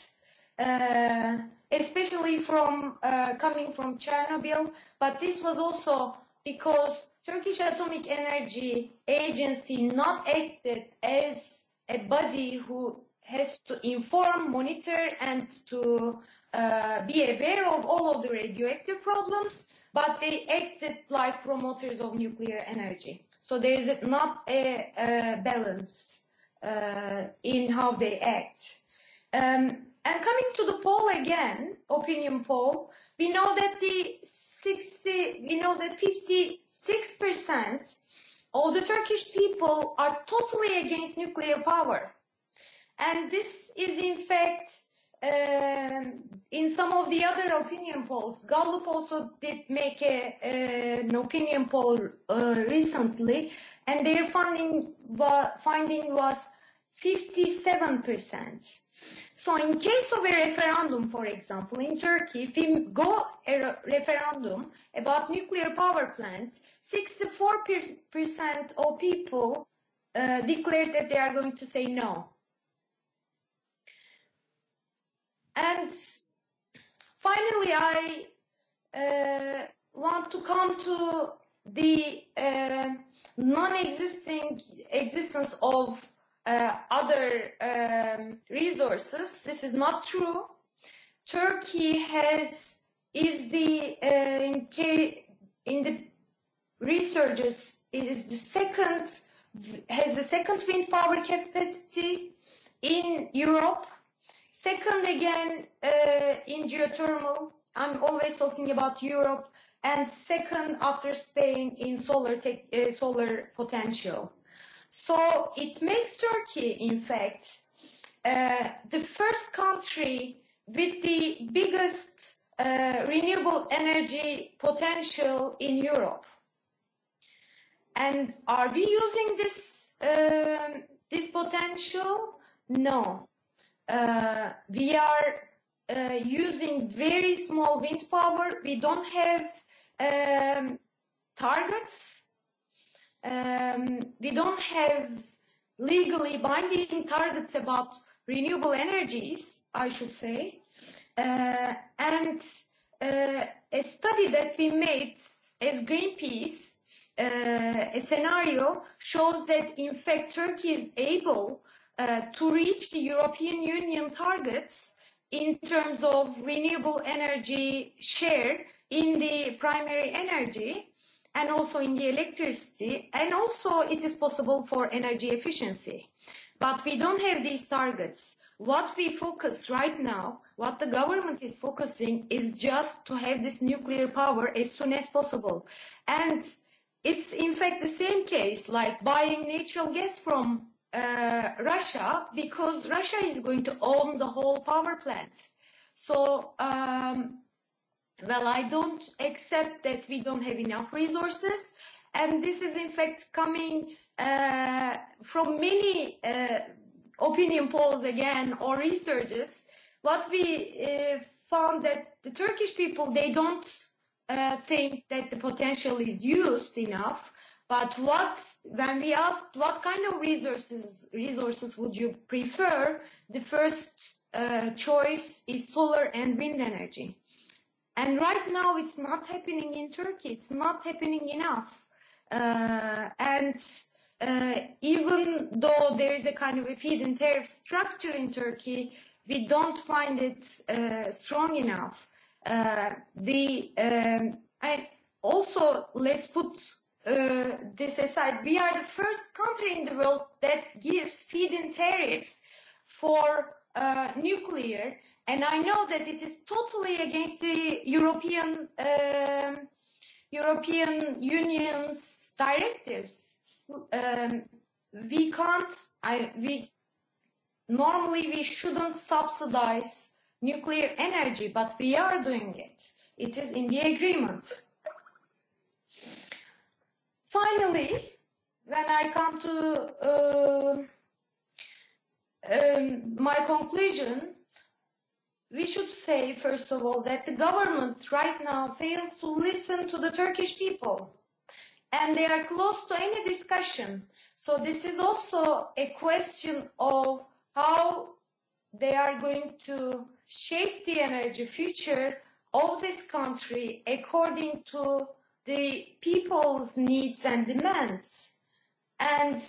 uh, especially from uh, coming from Chernobyl, but this was also because Turkish Atomic Energy Agency not acted as a body who has to inform, monitor, and to uh, be aware of all of the radioactive problems, but they acted like promoters of nuclear energy. So there is not a uh, balance uh, in how they act. Um, and coming to the poll again, opinion poll, we know that the 60, we know that 56% of the Turkish people are totally against nuclear power. And this is in fact um, in some of the other opinion polls, Gallup also did make a, uh, an opinion poll uh, recently, and their finding, wa- finding was 57%. So in case of a referendum, for example, in Turkey, if we go a re- referendum about nuclear power plants, 64% of people uh, declared that they are going to say no. And finally, I uh, want to come to the uh, non-existing existence of uh, other um, resources. This is not true. Turkey has is the uh, in, K, in the researchers is the second has the second wind power capacity in Europe Second, again, uh, in geothermal, I'm always talking about Europe, and second after Spain in solar tech, uh, solar potential. So it makes Turkey, in fact, uh, the first country with the biggest renewable energy potential in Europe. And are we using this, um, this potential? No uh, we are uh, using very small wind power. We don't have um, targets. Um, we don't have legally binding targets about renewable energies, I should say. Uh, and uh, a study that we made as Greenpeace, uh, a scenario shows that in fact Turkey is able uh, uh, to reach the European Union targets in terms of renewable energy share in the primary energy and also in the electricity, and also it is possible for energy efficiency. But we don't have these targets. What we focus right now, what the government is focusing is just to have this nuclear power as soon as possible. And it's in fact the same case like buying natural gas from uh, Russia because Russia is going to own the whole power plant. So, um, well, I don't accept that we don't have enough resources. And this is in fact coming uh, from many uh, opinion polls again or researches. What we uh, found that the Turkish people, they don't uh, think that the potential is used enough. But what, when we asked what kind of resources, resources would you prefer, the first uh, choice is solar and wind energy. And right now it's not happening in Turkey. It's not happening enough. Uh, and uh, even though there is a kind of a feed-in tariff structure in Turkey, we don't find it uh, strong enough. Uh, the um, I also let's put uh, this aside, we are the first country in the world that gives feed-in tariff for uh, nuclear, and I know that it is totally against the European um, European Union's directives. Um, we can't. I we normally we shouldn't subsidize nuclear energy, but we are doing it. It is in the agreement. Finally, when I come to uh, um, my conclusion, we should say, first of all, that the government right now fails to listen to the Turkish people. And they are close to any discussion. So this is also a question of how they are going to shape the energy future of this country according to the people's needs and demands. And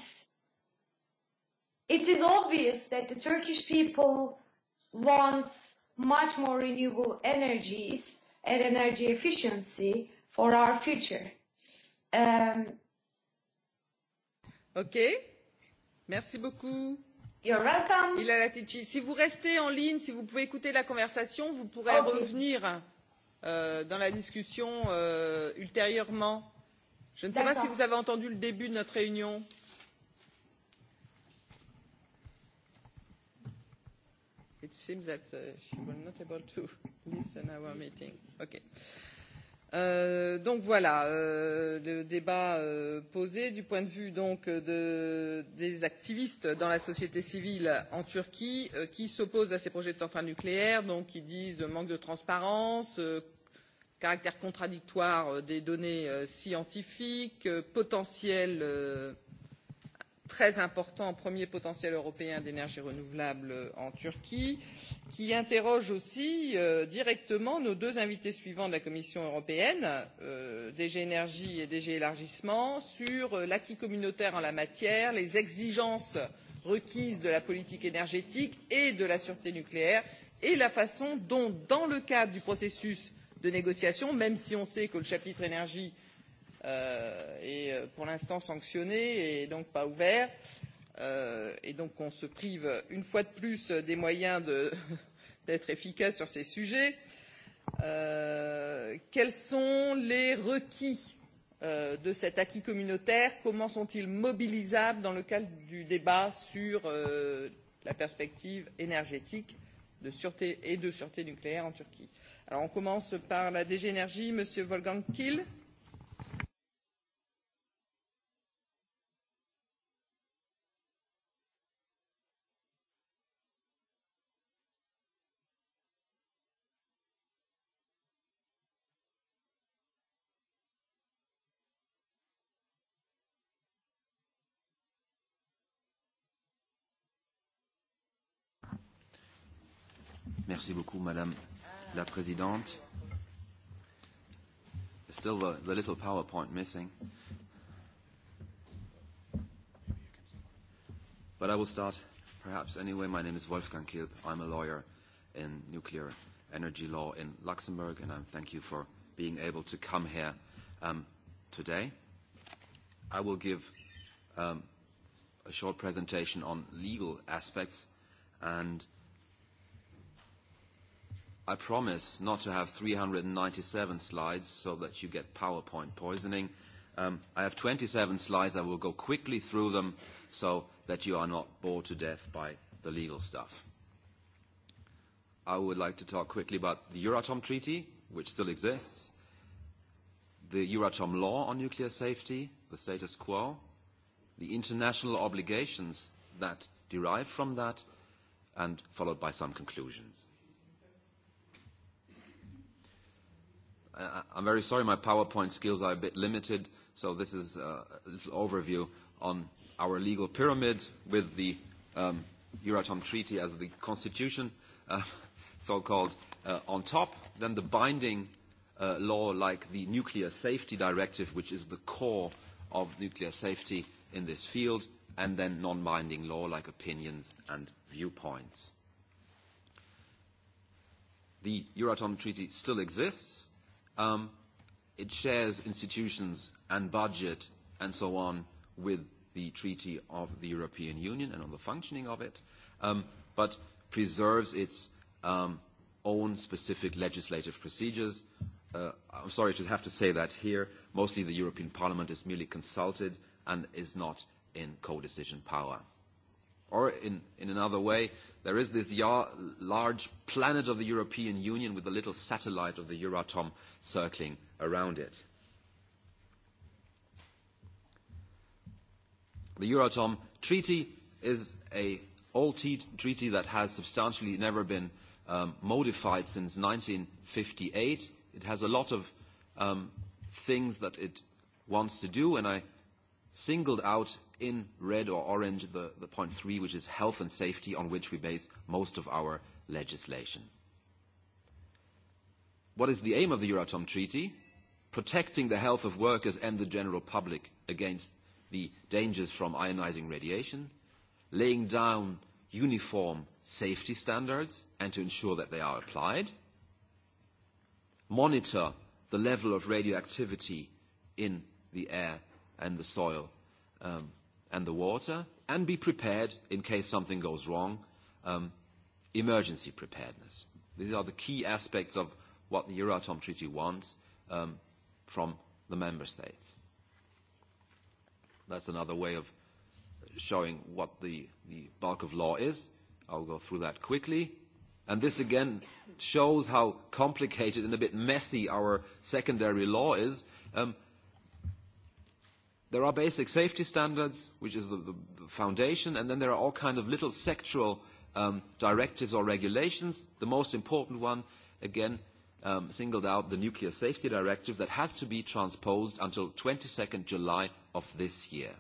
it is obvious that the Turkish people wants much more renewable energies and energy efficiency for our future. Um, OK. Merci beaucoup. You're welcome. Il a la Si vous restez en ligne, si vous pouvez écouter la conversation, vous pourrez okay. revenir Euh, dans la discussion euh, ultérieurement. je ne sais pas si vous avez entendu le début de notre réunion. it seems that uh, she will not able to listen our meeting. Okay. Euh, donc voilà euh, le débat euh, posé du point de vue donc de, des activistes dans la société civile en Turquie euh, qui s'opposent à ces projets de centrales nucléaires, donc qui disent manque de transparence, euh, caractère contradictoire euh, des données euh, scientifiques, euh, potentiel euh, très important premier potentiel européen d'énergie renouvelable en turquie qui interroge aussi euh, directement nos deux invités suivants de la commission européenne euh, dg énergie et dg élargissement sur euh, l'acquis communautaire en la matière les exigences requises de la politique énergétique et de la sûreté nucléaire et la façon dont dans le cadre du processus de négociation même si on sait que le chapitre énergie euh, est euh, pour l'instant sanctionné et donc pas ouvert euh, et donc on se prive une fois de plus des moyens d'être de, efficace sur ces sujets. Euh, quels sont les requis euh, de cet acquis communautaire Comment sont-ils mobilisables dans le cadre du débat sur euh, la perspective énergétique de sûreté et de sûreté nucléaire en Turquie Alors on commence par la DG Énergie, Monsieur Wolfgang Kiel. Euh, Merci beaucoup, Madame la Présidente. There's still the, the little PowerPoint missing. But I will start perhaps anyway. My name is Wolfgang Kilp. I'm a lawyer in nuclear energy law in Luxembourg, and I thank you for being able to come here um, today. I will give um, a short presentation on legal aspects and I promise not to have 397 slides so that you get PowerPoint poisoning. Um, I have 27 slides. I will go quickly through them so that you are not bored to death by the legal stuff. I would like to talk quickly about the Euratom Treaty, which still exists, the Euratom law on nuclear safety, the status quo, the international obligations that derive from that, and followed by some conclusions. I, I'm very sorry my PowerPoint skills are a bit limited, so this is uh, a little overview on our legal pyramid with the um, Euratom Treaty as the constitution, uh, so-called, uh, on top, then the binding uh, law like the Nuclear Safety Directive, which is the core of nuclear safety in this field, and then non-binding law like opinions and viewpoints. The Euratom Treaty still exists, Um, it shares institutions and budget and so on with the Treaty of the European Union and on the functioning of it, um, but preserves its um, own specific legislative procedures. Uh, I'm sorry to have to say that here. Mostly the European Parliament is merely consulted and is not in co-decision power. Or in, in another way, there is this ya- large planet of the European Union with a little satellite of the Euratom circling around it. The Euratom Treaty is an old t- treaty that has substantially never been um, modified since 1958. It has a lot of um, things that it wants to do, and I singled out in red or orange the, the point three, which is health and safety, on which we base most of our legislation. What is the aim of the Euratom Treaty? Protecting the health of workers and the general public against the dangers from ionizing radiation, laying down uniform safety standards and to ensure that they are applied, monitor the level of radioactivity in the air and the soil um, and the water and be prepared in case something goes wrong, um, emergency preparedness. These are the key aspects of what the Euratom Treaty wants um, from the member states. That's another way of showing what the, the bulk of law is. I'll go through that quickly. And this again shows how complicated and a bit messy our secondary law is. Um, there are basic safety standards, which is the, the foundation, and then there are all kind of little sectoral um, directives or regulations. The most important one, again, um, singled out the Nuclear Safety Directive that has to be transposed until 22nd July of this year.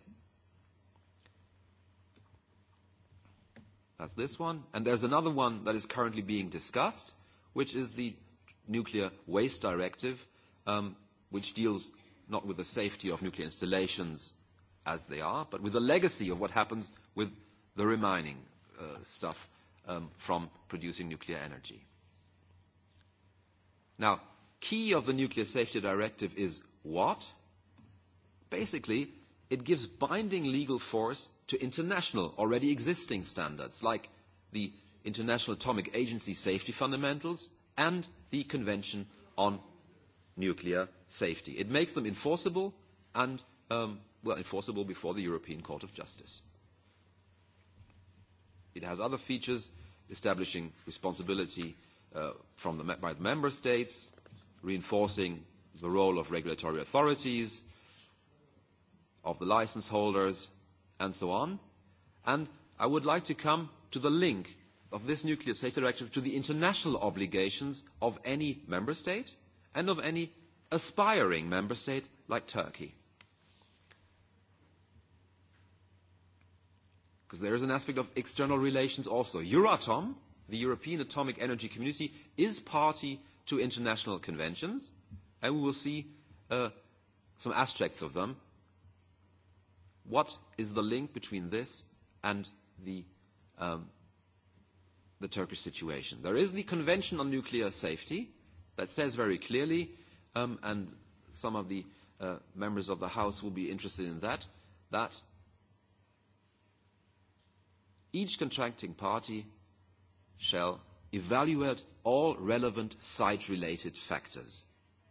That's this one. And there's another one that is currently being discussed, which is the Nuclear Waste Directive, um, which deals not with the safety of nuclear installations as they are, but with the legacy of what happens with the remaining uh, stuff um, from producing nuclear energy. Now, key of the Nuclear Safety Directive is what? Basically, it gives binding legal force to international, already existing standards, like the International Atomic Agency Safety Fundamentals and the Convention on nuclear safety. It makes them enforceable and, um, well, enforceable before the European Court of Justice. It has other features establishing responsibility uh, from the, by the member states, reinforcing the role of regulatory authorities, of the license holders, and so on. And I would like to come to the link of this nuclear safety directive to the international obligations of any member state and of any aspiring member state like Turkey. Because there is an aspect of external relations also. Euratom, the European Atomic Energy Community, is party to international conventions, and we will see uh, some aspects of them. What is the link between this and the, um, the Turkish situation? There is the Convention on Nuclear Safety, that says very clearly, um, and some of the uh, members of the House will be interested in that, that each contracting party shall evaluate all relevant site-related factors.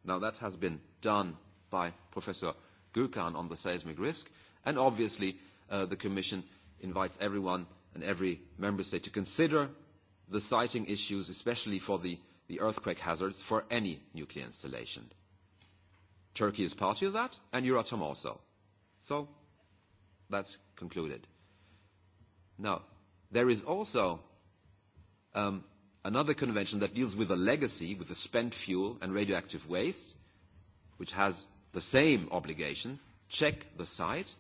Now, that has been done by Professor Gökhan on the seismic risk, and obviously uh, the Commission invites everyone and every member state to consider the siting issues, especially for the uh, the earthquake hazards for any nuclear installation. Turkey is party to that, and Euratom also. So that's concluded. Now, there is also um, another convention that deals with the legacy, with the spent fuel and radioactive waste, which has the same obligation, check the site,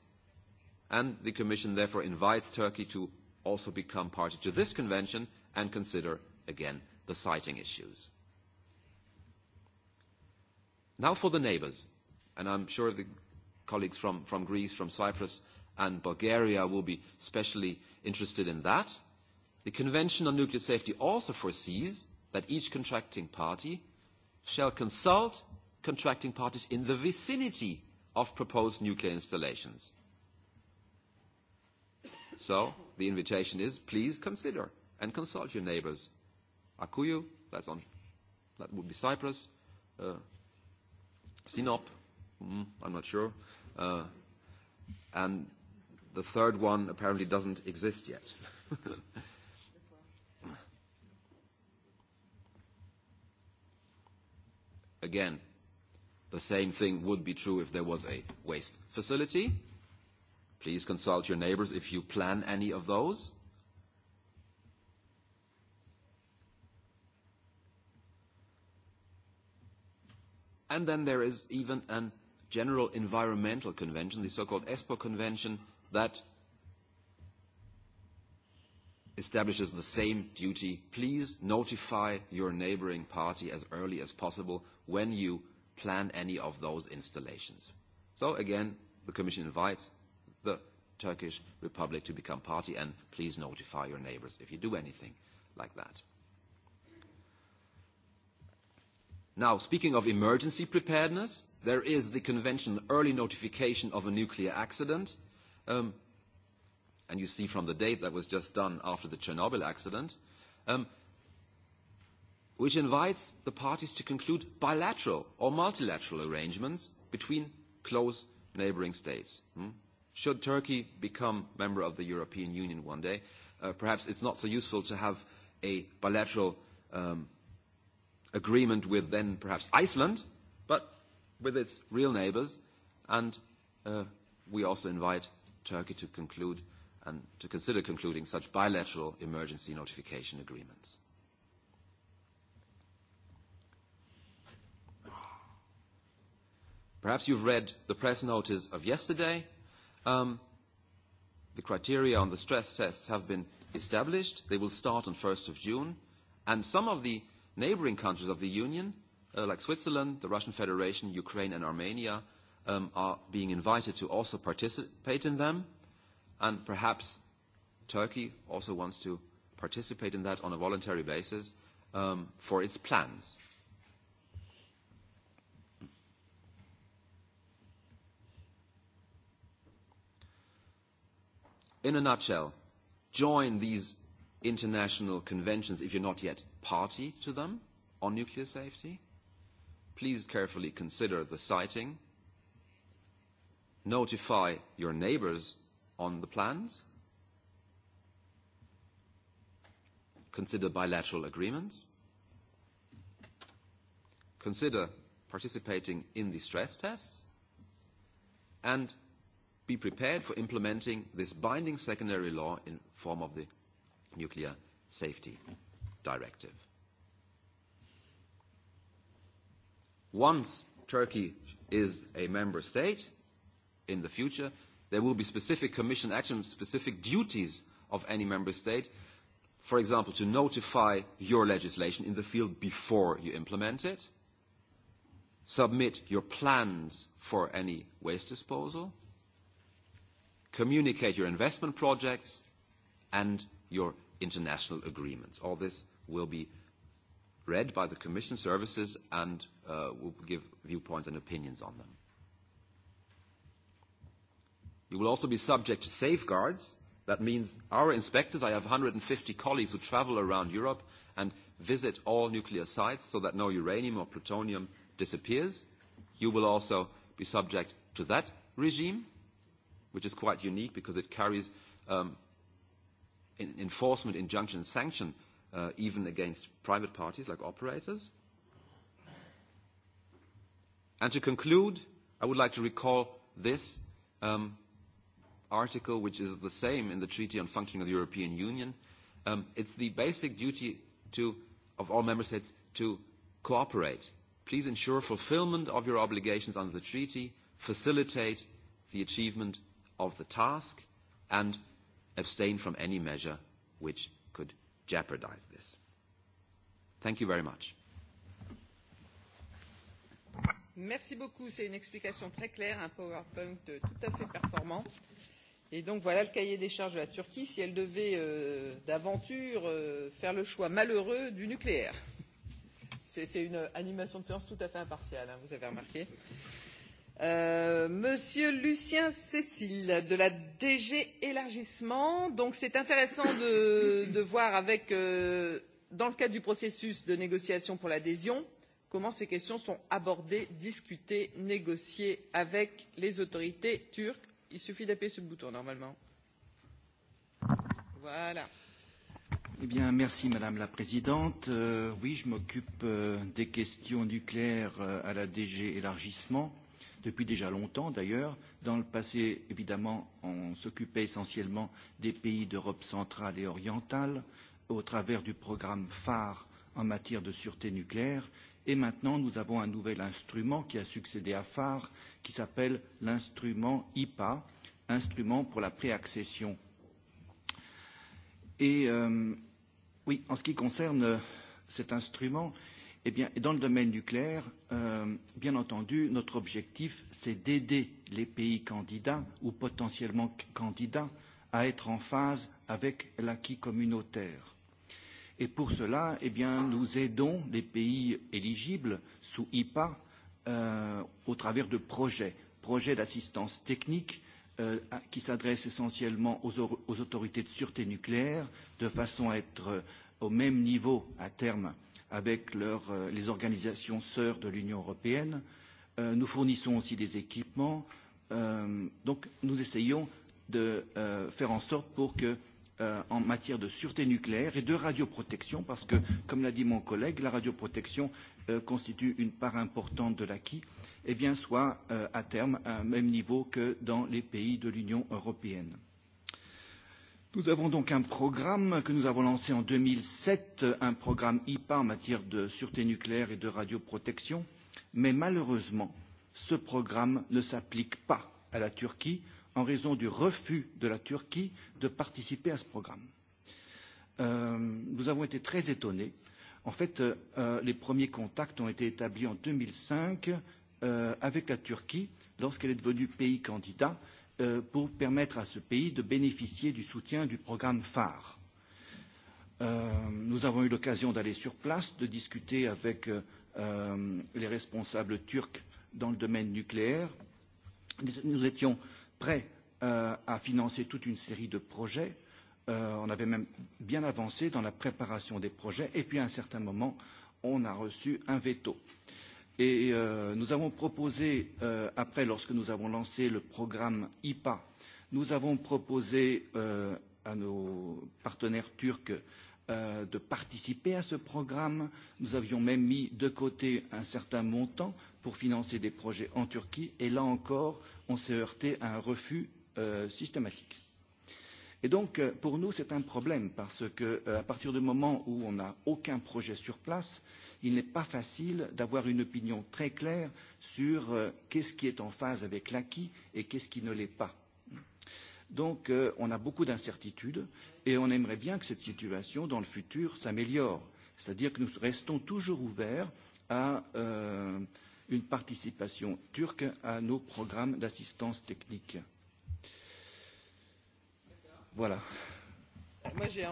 and the Commission therefore invites Turkey to also become party to this convention and consider again the siting issues. Now for the neighbours, and I'm sure the colleagues from, from Greece, from Cyprus and Bulgaria will be especially interested in that. The Convention on Nuclear Safety also foresees that each contracting party shall consult contracting parties in the vicinity of proposed nuclear installations. So the invitation is please consider and consult your neighbours Akuyu, that's on, that would be Cyprus. Uh, Sinop, mm, I'm not sure. Uh, and the third one apparently doesn't exist yet. Again, the same thing would be true if there was a waste facility. Please consult your neighbors if you plan any of those. And then there is even a general environmental convention, the so-called ESPO convention, that establishes the same duty. Please notify your neighboring party as early as possible when you plan any of those installations. So again, the Commission invites the Turkish Republic to become party and please notify your neighbors if you do anything like that. Now, speaking of emergency preparedness, there is the convention early notification of a nuclear accident. Um, and you see from the date that was just done after the Chernobyl accident, um, which invites the parties to conclude bilateral or multilateral arrangements between close neighboring states. Hmm? Should Turkey become member of the European Union one day, uh, perhaps it's not so useful to have a bilateral um, agreement with then perhaps Iceland, but with its real neighbors. And uh, we also invite Turkey to conclude and to consider concluding such bilateral emergency notification agreements. Perhaps you've read the press notice of yesterday. Um, the criteria on the stress tests have been established. They will start on 1st of June. And some of the Neighboring countries of the Union, uh, like Switzerland, the Russian Federation, Ukraine, and Armenia, um, are being invited to also participate in them. And perhaps Turkey also wants to participate in that on a voluntary basis um, for its plans. In a nutshell, join these international conventions if you're not yet party to them on nuclear safety. Please carefully consider the siting. Notify your neighbors on the plans. Consider bilateral agreements. Consider participating in the stress tests. And be prepared for implementing this binding secondary law in form of the Nuclear Safety Directive. Once Turkey is a member state, in the future, there will be specific commission action, specific duties of any member state, for example, to notify your legislation in the field before you implement it, submit your plans for any waste disposal, communicate your investment projects and your international agreements. All this will be read by the Commission services and uh, will give viewpoints and opinions on them. You will also be subject to safeguards. That means our inspectors, I have 150 colleagues who travel around Europe and visit all nuclear sites so that no uranium or plutonium disappears. You will also be subject to that regime, which is quite unique because it carries um, in enforcement, injunction, sanction, uh, even against private parties like operators. And to conclude, I would like to recall this um, article, which is the same in the Treaty on Functioning of the European Union. Um, it's the basic duty to, of all member states to cooperate. Please ensure fulfillment of your obligations under the treaty, facilitate the achievement of the task, and abstain from any measure which could jeopardize this. Thank you very much. Merci beaucoup. C'est une explication très claire, un PowerPoint tout à fait performant. Et donc voilà le cahier des charges de la Turquie si elle devait euh, d'aventure euh, faire le choix malheureux du nucléaire. C'est une animation de séance tout à fait impartiale, hein, vous avez remarqué. Euh, Euh, Monsieur Lucien Cécile de la DG Élargissement. Donc c'est intéressant de, de voir avec, euh, dans le cadre du processus de négociation pour l'adhésion, comment ces questions sont abordées, discutées, négociées avec les autorités turques. Il suffit d'appuyer ce bouton normalement. Voilà. Eh bien, merci Madame la Présidente. Euh, oui, je m'occupe euh, des questions nucléaires euh, à la DG élargissement depuis déjà longtemps d'ailleurs. Dans le passé, évidemment, on s'occupait essentiellement des pays d'Europe centrale et orientale au travers du programme phare en matière de sûreté nucléaire. Et maintenant, nous avons un nouvel instrument qui a succédé à phare, qui s'appelle l'instrument IPA, instrument pour la préaccession. Et euh, oui, en ce qui concerne euh, cet instrument, euh, Eh bien, dans le domaine nucléaire, euh, bien entendu, notre objectif, c'est d'aider les pays candidats ou potentiellement candidats à être en phase avec l'acquis communautaire. Et pour cela, eh bien, nous aidons les pays éligibles sous IPA euh, au travers de projets, projets d'assistance technique euh, qui s'adressent essentiellement aux, aux autorités de sûreté nucléaire de façon à être euh, au même niveau à terme euh, avec leur, euh, les organisations sœurs de l'Union européenne. Euh, nous fournissons aussi des équipements. Euh, donc nous essayons de euh, faire en sorte pour que, euh, en matière de sûreté nucléaire et de radioprotection, parce que, comme l'a dit mon collègue, la radioprotection euh, constitue une part importante de l'acquis, eh bien, soit euh, à terme à un même niveau que dans les pays de l'Union européenne. Euh, Nous avons donc un programme que nous avons lancé en 2007, un programme IPA en matière de sûreté nucléaire et de radioprotection, mais malheureusement, ce programme ne s'applique pas à la Turquie en raison du refus de la Turquie de participer à ce programme. Euh, nous avons été très étonnés. En fait, euh, euh les premiers contacts ont été établis en 2005 euh, avec la Turquie lorsqu'elle est devenue pays candidat. Euh, euh, pour permettre à ce pays de bénéficier du soutien du programme phare. Euh, nous avons eu l'occasion d'aller sur place, de discuter avec euh, euh les responsables turcs dans le domaine nucléaire. Nous étions prêts euh, à financer toute une série de projets. Euh, on avait même bien avancé dans la préparation des projets. Et puis, à un certain moment, on a reçu un veto. Euh, Et euh, nous avons proposé, euh, après, lorsque nous avons lancé le programme IPA, nous avons proposé euh, à nos partenaires turcs euh, de participer à ce programme. Nous avions même mis de côté un certain montant pour financer des projets en Turquie. Et là encore, on s'est heurté à un refus euh, systématique. Et donc, euh, pour nous, c'est un problème parce que, euh, à partir du moment où on n'a aucun projet sur place, euh, il n'est pas facile d'avoir une opinion très claire sur euh, qu'est-ce qui est en phase avec l'acquis et qu'est-ce qui ne l'est pas. Donc euh, on a beaucoup d'incertitudes et on aimerait bien que cette situation dans le futur s'améliore. C'est-à-dire que nous restons toujours ouverts à euh, une participation turque à nos programmes d'assistance technique. Voilà. Moi, j'ai, euh,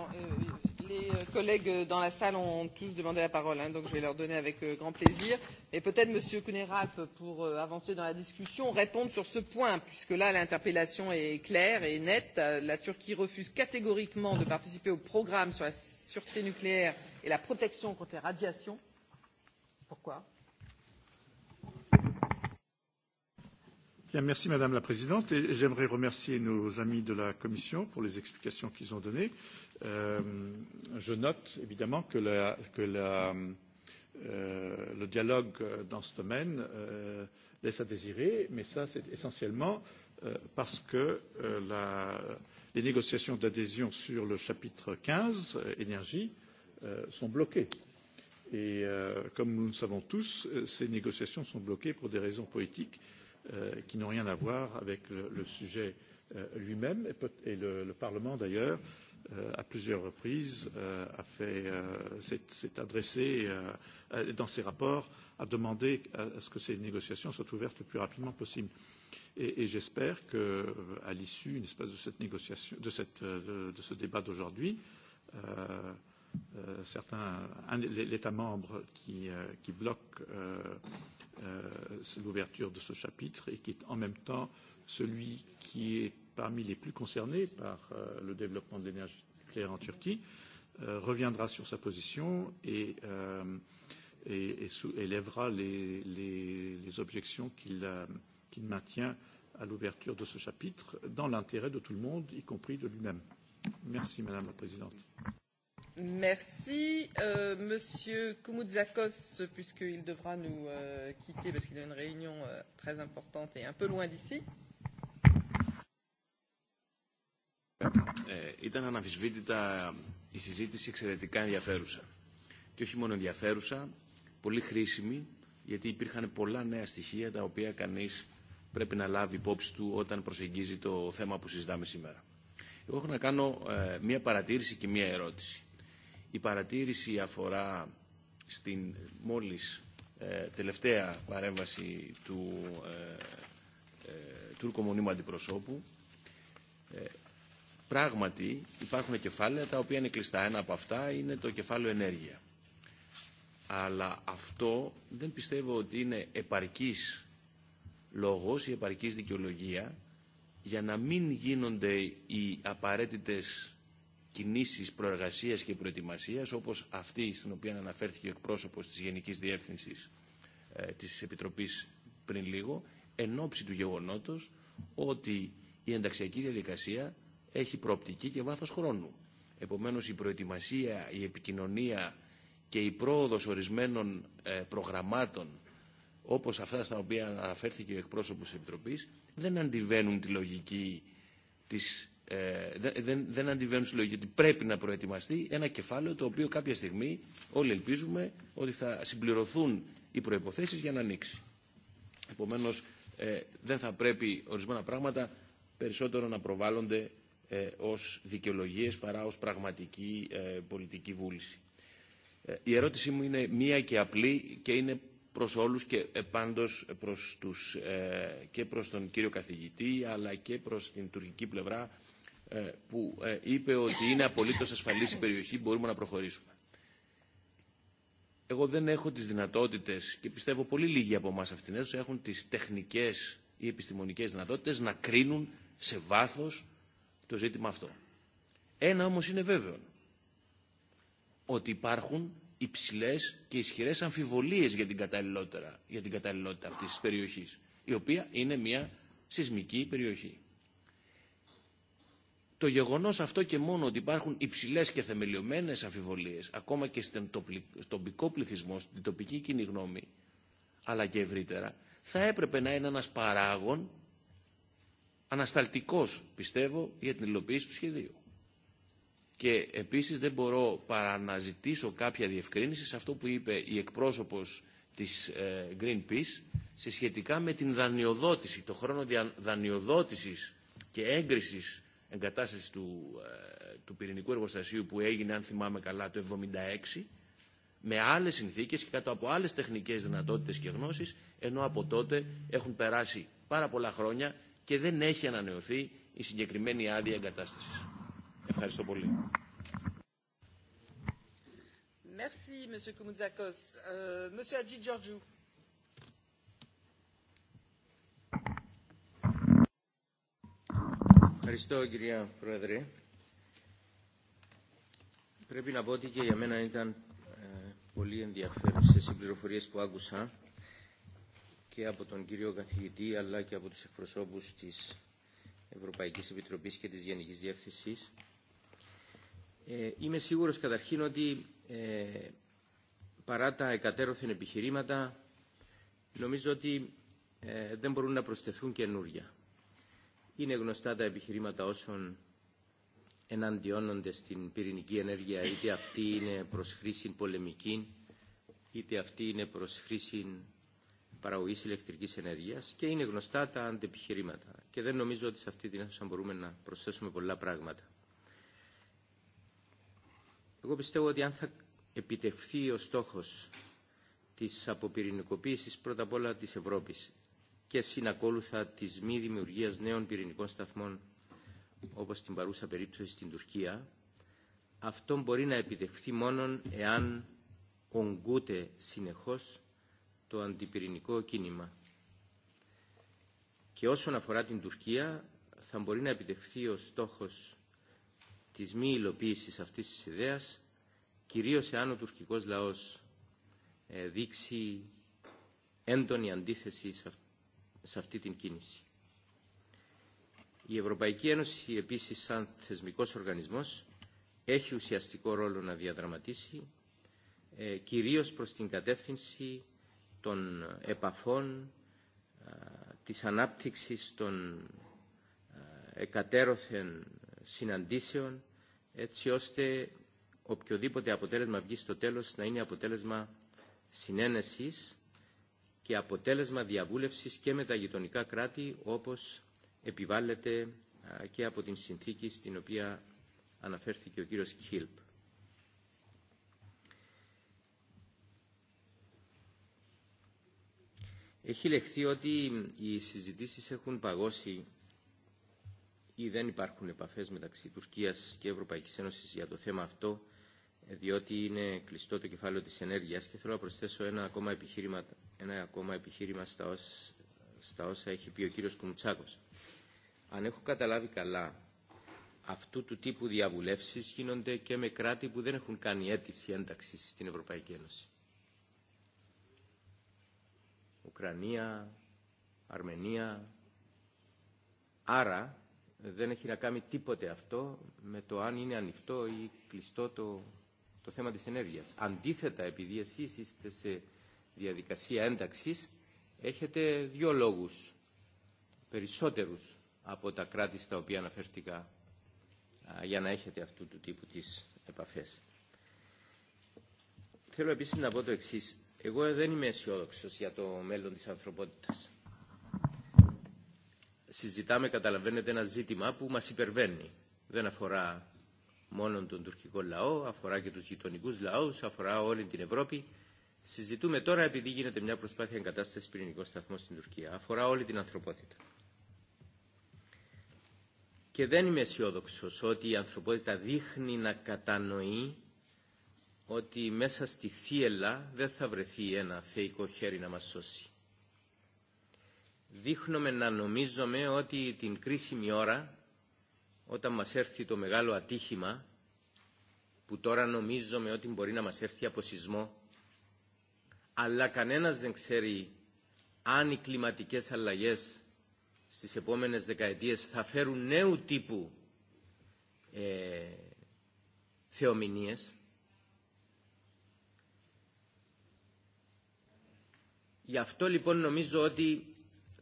les euh, collègues euh, dans la salle ont tous demandé la parole, hein, donc je vais leur donner avec euh, grand plaisir. Et peut-être Monsieur Kuneralp, pour euh, avancer dans la discussion, répondre sur ce point, puisque là l'interpellation est claire et nette. Euh, la Turquie refuse catégoriquement de participer au programme sur la sûreté nucléaire et la protection contre les radiations. Pourquoi Bien, merci Madame la Présidente. Et j'aimerais remercier nos amis de la Commission pour les explications qu'ils ont données. Euh, je note évidemment que, la, que la, euh, le dialogue dans ce domaine euh, laisse à désirer, mais ça c'est essentiellement euh, parce que euh, la, les négociations d'adhésion sur le chapitre 15, euh, énergie, euh, sont bloquées. Et euh, comme nous le savons tous, euh, ces négociations sont bloquées pour des raisons politiques. Euh, euh, qui n'ont rien à voir avec le, le sujet euh, lui-même. Et, peut, et le, le Parlement, d'ailleurs, euh, à plusieurs reprises, euh, a fait, euh, s'est, s'est adressé euh, dans ses rapports à demander à, à ce que ces négociations soient ouvertes le plus rapidement possible. Et, et j'espère que, euh, à l'issue, une espèce de cette négociation, de, cette, euh, de, de ce débat d'aujourd'hui, euh, euh, certains, un, l'État membre qui, euh, qui bloque euh, euh, l'ouverture de ce chapitre et qui est en même temps celui qui est parmi les plus concernés par euh, le développement de l'énergie nucléaire en Turquie, euh, reviendra sur sa position et, euh, et, et, sous, et lèvera les, les, les objections qu'il euh, qu maintient à l'ouverture de ce chapitre dans l'intérêt de tout le monde, y compris de lui-même. Merci Madame la Présidente. Merci. Euh, Monsieur Koumoudzakos, puisqu'il devra nous euh, quitter parce qu'il a une réunion euh, très importante et un peu loin d'ici. Ε, ήταν αναμφισβήτητα η συζήτηση εξαιρετικά ενδιαφέρουσα. Και όχι μόνο ενδιαφέρουσα, πολύ χρήσιμη, γιατί υπήρχαν πολλά νέα στοιχεία τα οποία κανείς πρέπει να λάβει υπόψη του όταν προσεγγίζει το θέμα που συζητάμε σήμερα. Εγώ έχω να κάνω ε, μία παρατήρηση και μία ερώτηση. Η παρατήρηση αφορά στην μόλις ε, τελευταία παρέμβαση του ε, ε, Τούρκο Μονίμου Αντιπροσώπου. Ε, πράγματι υπάρχουν κεφάλαια τα οποία είναι κλειστά. Ένα από αυτά είναι το κεφάλαιο ενέργεια. Αλλά αυτό δεν πιστεύω ότι είναι επαρκής λόγος ή επαρκής δικαιολογία για να μην γίνονται οι απαραίτητες κινήσεις προεργασίας και προετοιμασίας όπως αυτή στην οποία αναφέρθηκε ο εκπρόσωπος της Γενικής Διεύθυνσης ε, της Επιτροπής πριν λίγο εν ώψη του γεγονότος ότι η ενταξιακή διαδικασία έχει προοπτική και βάθος χρόνου. Επομένως η προετοιμασία, η επικοινωνία και η πρόοδος ορισμένων ε, προγραμμάτων όπως αυτά στα οποία αναφέρθηκε ο εκπρόσωπος της Επιτροπής δεν αντιβαίνουν τη λογική της δεν, δεν αντιβαίνουν στη ότι πρέπει να προετοιμαστεί ένα κεφάλαιο το οποίο κάποια στιγμή όλοι ελπίζουμε ότι θα συμπληρωθούν οι προϋποθέσεις για να ανοίξει. Επομένως, ε, δεν θα πρέπει ορισμένα πράγματα περισσότερο να προβάλλονται ε, ως δικαιολογίες παρά ως πραγματική ε, πολιτική βούληση. Ε, η ερώτησή μου είναι μία και απλή και είναι προς όλους και πάντως προς τους, ε, και προς τον κύριο καθηγητή αλλά και προς την τουρκική πλευρά που είπε ότι είναι απολύτως ασφαλής η περιοχή, μπορούμε να προχωρήσουμε. Εγώ δεν έχω τις δυνατότητες και πιστεύω πολύ λίγοι από εμάς αυτήν αίθουσα έχουν τις τεχνικές ή επιστημονικές δυνατότητες να κρίνουν σε βάθος το ζήτημα αυτό. Ένα όμως είναι βέβαιο. Ότι υπάρχουν υψηλές και ισχυρές αμφιβολίες για την καταλληλότητα, για την καταλληλότητα αυτής της περιοχής, η οποία είναι μια σεισμική περιοχή. Το γεγονός αυτό και μόνο ότι υπάρχουν υψηλές και θεμελιωμένες αμφιβολίες ακόμα και στον τοπικό πληθυσμό, στην τοπική κοινή γνώμη, αλλά και ευρύτερα, θα έπρεπε να είναι ένας παράγων ανασταλτικός, πιστεύω, για την υλοποίηση του σχεδίου. Και επίσης δεν μπορώ παρά να ζητήσω κάποια διευκρίνηση σε αυτό που είπε η εκπρόσωπος της Greenpeace σε σχετικά με την δανειοδότηση, το χρόνο δανειοδότησης και έγκρισης εγκατάσταση του, ε, του πυρηνικού εργοστασίου που έγινε, αν θυμάμαι καλά, το 1976, με άλλες συνθήκες και κάτω από άλλες τεχνικές δυνατότητες και γνώσεις, ενώ από τότε έχουν περάσει πάρα πολλά χρόνια και δεν έχει ανανεωθεί η συγκεκριμένη άδεια εγκατάστασης. Ευχαριστώ πολύ. Merci, Monsieur Koumoudzakos. Euh, Monsieur Hadji Georgiou. Ευχαριστώ κυρία Πρόεδρε. Πρέπει να πω ότι και για μένα ήταν ε, πολύ ενδιαφέρουσες οι πληροφορίες που άκουσα και από τον κύριο καθηγητή αλλά και από τους εκπροσώπους της Ευρωπαϊκής Επιτροπής και της Γενικής Διεύθυνσης. Ε, είμαι σίγουρος καταρχήν ότι ε, παρά τα εκατέρωθεν επιχειρήματα νομίζω ότι ε, δεν μπορούν να προσθεθούν καινούρια. Είναι γνωστά τα επιχειρήματα όσων εναντιώνονται στην πυρηνική ενέργεια, είτε αυτή είναι προς χρήση πολεμική, είτε αυτή είναι προς χρήση παραγωγής ηλεκτρικής ενέργειας και είναι γνωστά τα αντεπιχειρήματα. Και δεν νομίζω ότι σε αυτή την αίθουσα μπορούμε να προσθέσουμε πολλά πράγματα. Εγώ πιστεύω ότι αν θα επιτευχθεί ο στόχος της αποπυρηνικοποίησης πρώτα απ' όλα της Ευρώπης και συνακόλουθα της μη δημιουργίας νέων πυρηνικών σταθμών όπως στην παρούσα περίπτωση στην Τουρκία, αυτό μπορεί να επιτευχθεί μόνο εάν ογκούται συνεχώς το αντιπυρηνικό κίνημα. Και όσον αφορά την Τουρκία, θα μπορεί να επιτευχθεί ο στόχος της μη υλοποίησης αυτής της ιδέας, κυρίως εάν ο τουρκικός λαός δείξει έντονη αντίθεση σε αυτό σε αυτή την κίνηση. Η Ευρωπαϊκή Ένωση επίσης σαν θεσμικός οργανισμός έχει ουσιαστικό ρόλο να διαδραματίσει ε, κυρίως προς την κατεύθυνση των επαφών, ε, της ανάπτυξης των εκατέρωθεν συναντήσεων έτσι ώστε οποιοδήποτε αποτέλεσμα βγει στο τέλος να είναι αποτέλεσμα συνένεσης και αποτέλεσμα διαβούλευσης και με τα γειτονικά κράτη όπως επιβάλλεται και από την συνθήκη στην οποία αναφέρθηκε ο κύριος Χίλπ. Έχει λεχθεί ότι οι συζητήσεις έχουν παγώσει ή δεν υπάρχουν επαφές μεταξύ Τουρκίας και Ευρωπαϊκής Ένωσης για το θέμα αυτό διότι είναι κλειστό το κεφάλαιο της ενέργειας και θέλω να προσθέσω ένα ακόμα επιχείρημα, ένα ακόμα επιχείρημα στα, ως, στα όσα έχει πει ο κύριος Κουμουτσάκος. Αν έχω καταλάβει καλά, αυτού του τύπου διαβουλεύσεις γίνονται και με κράτη που δεν έχουν κάνει αίτηση ένταξης στην Ευρωπαϊκή Ένωση. Ουκρανία, Αρμενία. Άρα δεν έχει να κάνει τίποτε αυτό με το αν είναι ανοιχτό ή κλειστό το το θέμα της ενέργειας. Αντίθετα, επειδή εσείς είστε σε διαδικασία ένταξης, έχετε δύο λόγους περισσότερους από τα κράτη στα οποία αναφέρθηκα για να έχετε αυτού του τύπου τις επαφές. Θέλω επίσης να πω το εξής. Εγώ δεν είμαι αισιόδοξο για το μέλλον της ανθρωπότητας. Συζητάμε, καταλαβαίνετε, ένα ζήτημα που μας υπερβαίνει. Δεν αφορά μόνο τον τουρκικό λαό, αφορά και τους γειτονικούς λαούς, αφορά όλη την Ευρώπη. Συζητούμε τώρα επειδή γίνεται μια προσπάθεια εγκατάσταση πυρηνικών σταθμών στην Τουρκία. Αφορά όλη την ανθρωπότητα. Και δεν είμαι αισιόδοξο ότι η ανθρωπότητα δείχνει να κατανοεί ότι μέσα στη θύελα δεν θα βρεθεί ένα θεϊκό χέρι να μας σώσει. Δείχνουμε να νομίζουμε ότι την κρίσιμη ώρα όταν μας έρθει το μεγάλο ατύχημα που τώρα νομίζουμε ότι μπορεί να μας έρθει από σεισμό αλλά κανένας δεν ξέρει αν οι κλιματικές αλλαγές στις επόμενες δεκαετίες θα φέρουν νέου τύπου ε, θεομηνίες. Γι' αυτό λοιπόν νομίζω ότι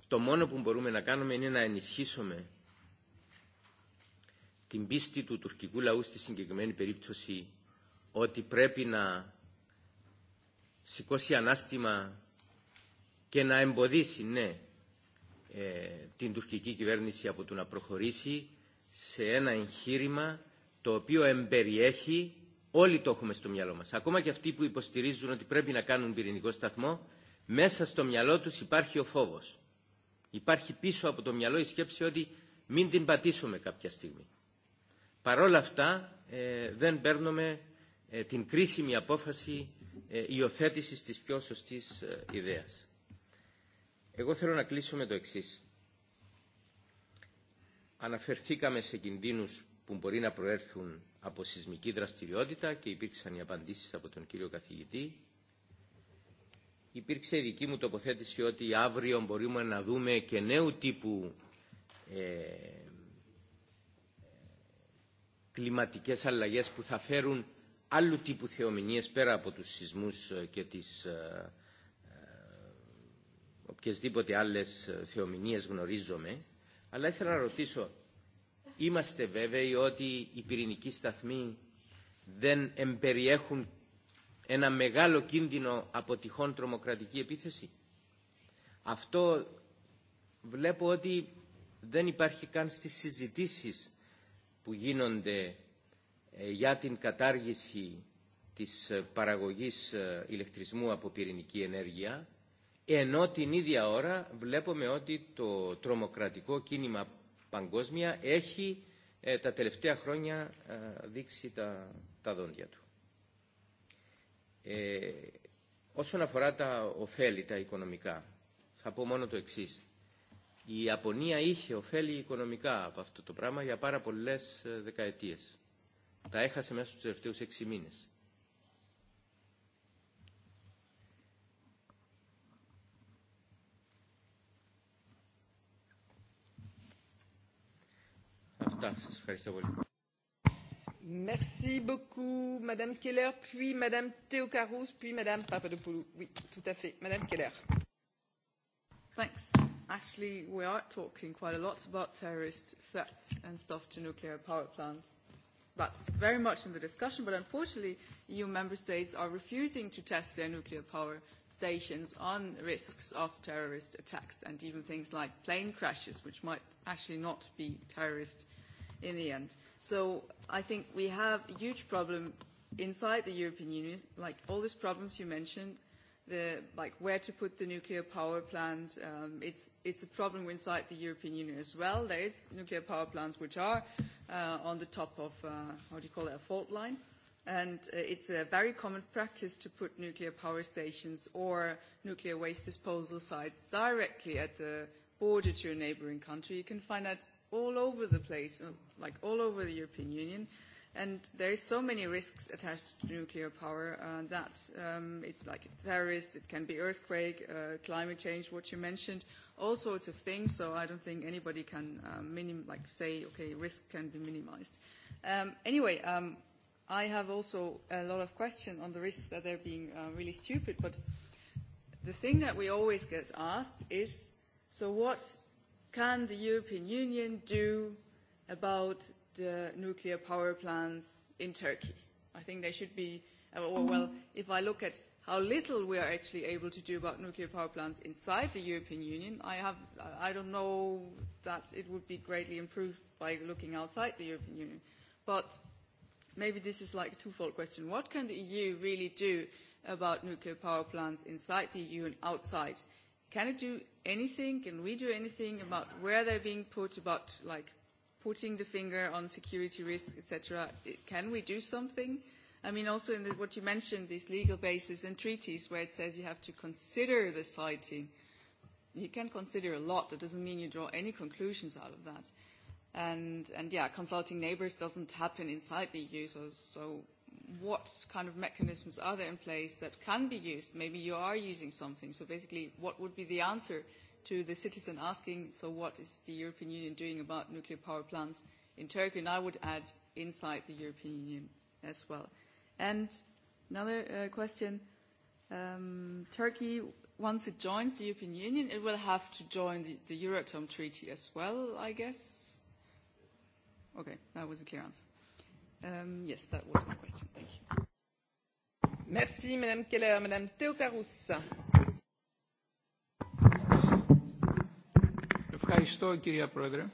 το μόνο που μπορούμε να κάνουμε είναι να ενισχύσουμε την πίστη του τουρκικού λαού στη συγκεκριμένη περίπτωση ότι πρέπει να σηκώσει ανάστημα και να εμποδίσει, ναι, ε, την τουρκική κυβέρνηση από το να προχωρήσει σε ένα εγχείρημα το οποίο εμπεριέχει, όλοι το έχουμε στο μυαλό μας, ακόμα και αυτοί που υποστηρίζουν ότι πρέπει να κάνουν πυρηνικό σταθμό, μέσα στο μυαλό τους υπάρχει ο φόβος. Υπάρχει πίσω από το μυαλό η σκέψη ότι μην την πατήσουμε κάποια στιγμή παρόλα αυτά ε, δεν παίρνουμε ε, την κρίσιμη απόφαση ε, υιοθέτηση της πιο σωστής ε, ιδέας. Εγώ θέλω να κλείσω με το εξής. Αναφερθήκαμε σε κινδύνους που μπορεί να προέρθουν από σεισμική δραστηριότητα και υπήρξαν οι απαντήσεις από τον κύριο καθηγητή. Υπήρξε η δική μου τοποθέτηση ότι αύριο μπορούμε να δούμε και νέου τύπου ε, κλιματικές αλλαγές που θα φέρουν άλλου τύπου θεομηνίες πέρα από τους σεισμούς και τις ε, οποιασδήποτε άλλες θεομηνίες γνωρίζομαι, αλλά ήθελα να ρωτήσω, είμαστε βέβαιοι ότι οι πυρηνικοί σταθμοί δεν εμπεριέχουν ένα μεγάλο κίνδυνο από τυχόν τρομοκρατική επίθεση. Αυτό βλέπω ότι δεν υπάρχει καν στις συζητήσεις που γίνονται για την κατάργηση της παραγωγής ηλεκτρισμού από πυρηνική ενέργεια, ενώ την ίδια ώρα βλέπουμε ότι το τρομοκρατικό κίνημα παγκόσμια έχει ε, τα τελευταία χρόνια ε, δείξει τα, τα δόντια του. Ε, όσον αφορά τα ωφέλη, τα οικονομικά, θα πω μόνο το εξής. Η Ιαπωνία είχε ωφέλη οικονομικά από αυτό το πράγμα για πάρα πολλές δεκαετίες. Τα έχασε μέσα στους τελευταίους έξι μήνες. Αυτά. Σας ευχαριστώ πολύ. Merci beaucoup, Madame Keller, puis Madame Theocarous, puis Madame Papadopoulou. Oui, tout à fait. Madame Keller. Thanks actually we are talking quite a lot about terrorist threats and stuff to nuclear power plants. That's very much in the discussion, but unfortunately EU member states are refusing to test their nuclear power stations on risks of terrorist attacks and even things like plane crashes, which might actually not be terrorist in the end. So I think we have a huge problem inside the European Union, like all these problems you mentioned, the, like where to put the nuclear power plant. Um, it's, it's a problem inside the European Union as well. There is nuclear power plants which are uh, on the top of, uh, how do you call it, a fault line. And uh, it's a very common practice to put nuclear power stations or nuclear waste disposal sites directly at the border to a neighboring country. You can find that all over the place, uh, like all over the European Union. Uh, And there is so many risks attached to nuclear power uh, that um, it's like a terrorist, it can be earthquake, uh, climate change, what you mentioned, all sorts of things. So I don't think anybody can uh, minim- like say, okay, risk can be minimized. Um, anyway, um, I have also a lot of question on the risk that they're being uh, really stupid. But the thing that we always get asked is, so what can the European Union do about the uh, nuclear power plants in Turkey. I think they should be, or uh, well, if I look at how little we are actually able to do about nuclear power plants inside the European Union, I, have, I don't know that it would be greatly improved by looking outside the European Union. But maybe this is like a twofold question. What can the EU really do about nuclear power plants inside the EU and outside? Can it do anything? Can we do anything about where they're being put, about like putting the finger on security risks, etc. Can we do something? I mean, also in the, what you mentioned, these legal bases and treaties where it says you have to consider the sighting. You can consider a lot. That doesn't mean you draw any conclusions out of that. And, and yeah, consulting neighbors doesn't happen inside the EU, so, so what kind of mechanisms are there in place that can be used? Maybe you are using something. So basically, what would be the answer – to the citizen asking, so what is the European Union doing about nuclear power plants in Turkey? And I would add inside the European Union as well. And another uh, question, um, Turkey, once it joins the European Union, it will have to join the, the Euratom Treaty as well, I guess? Okay, that was a clear answer. Um, yes, that was my question. Thank you. Merci, Madame Keller. Madame Theocarous. Ευχαριστώ κυρία Πρόεδρε.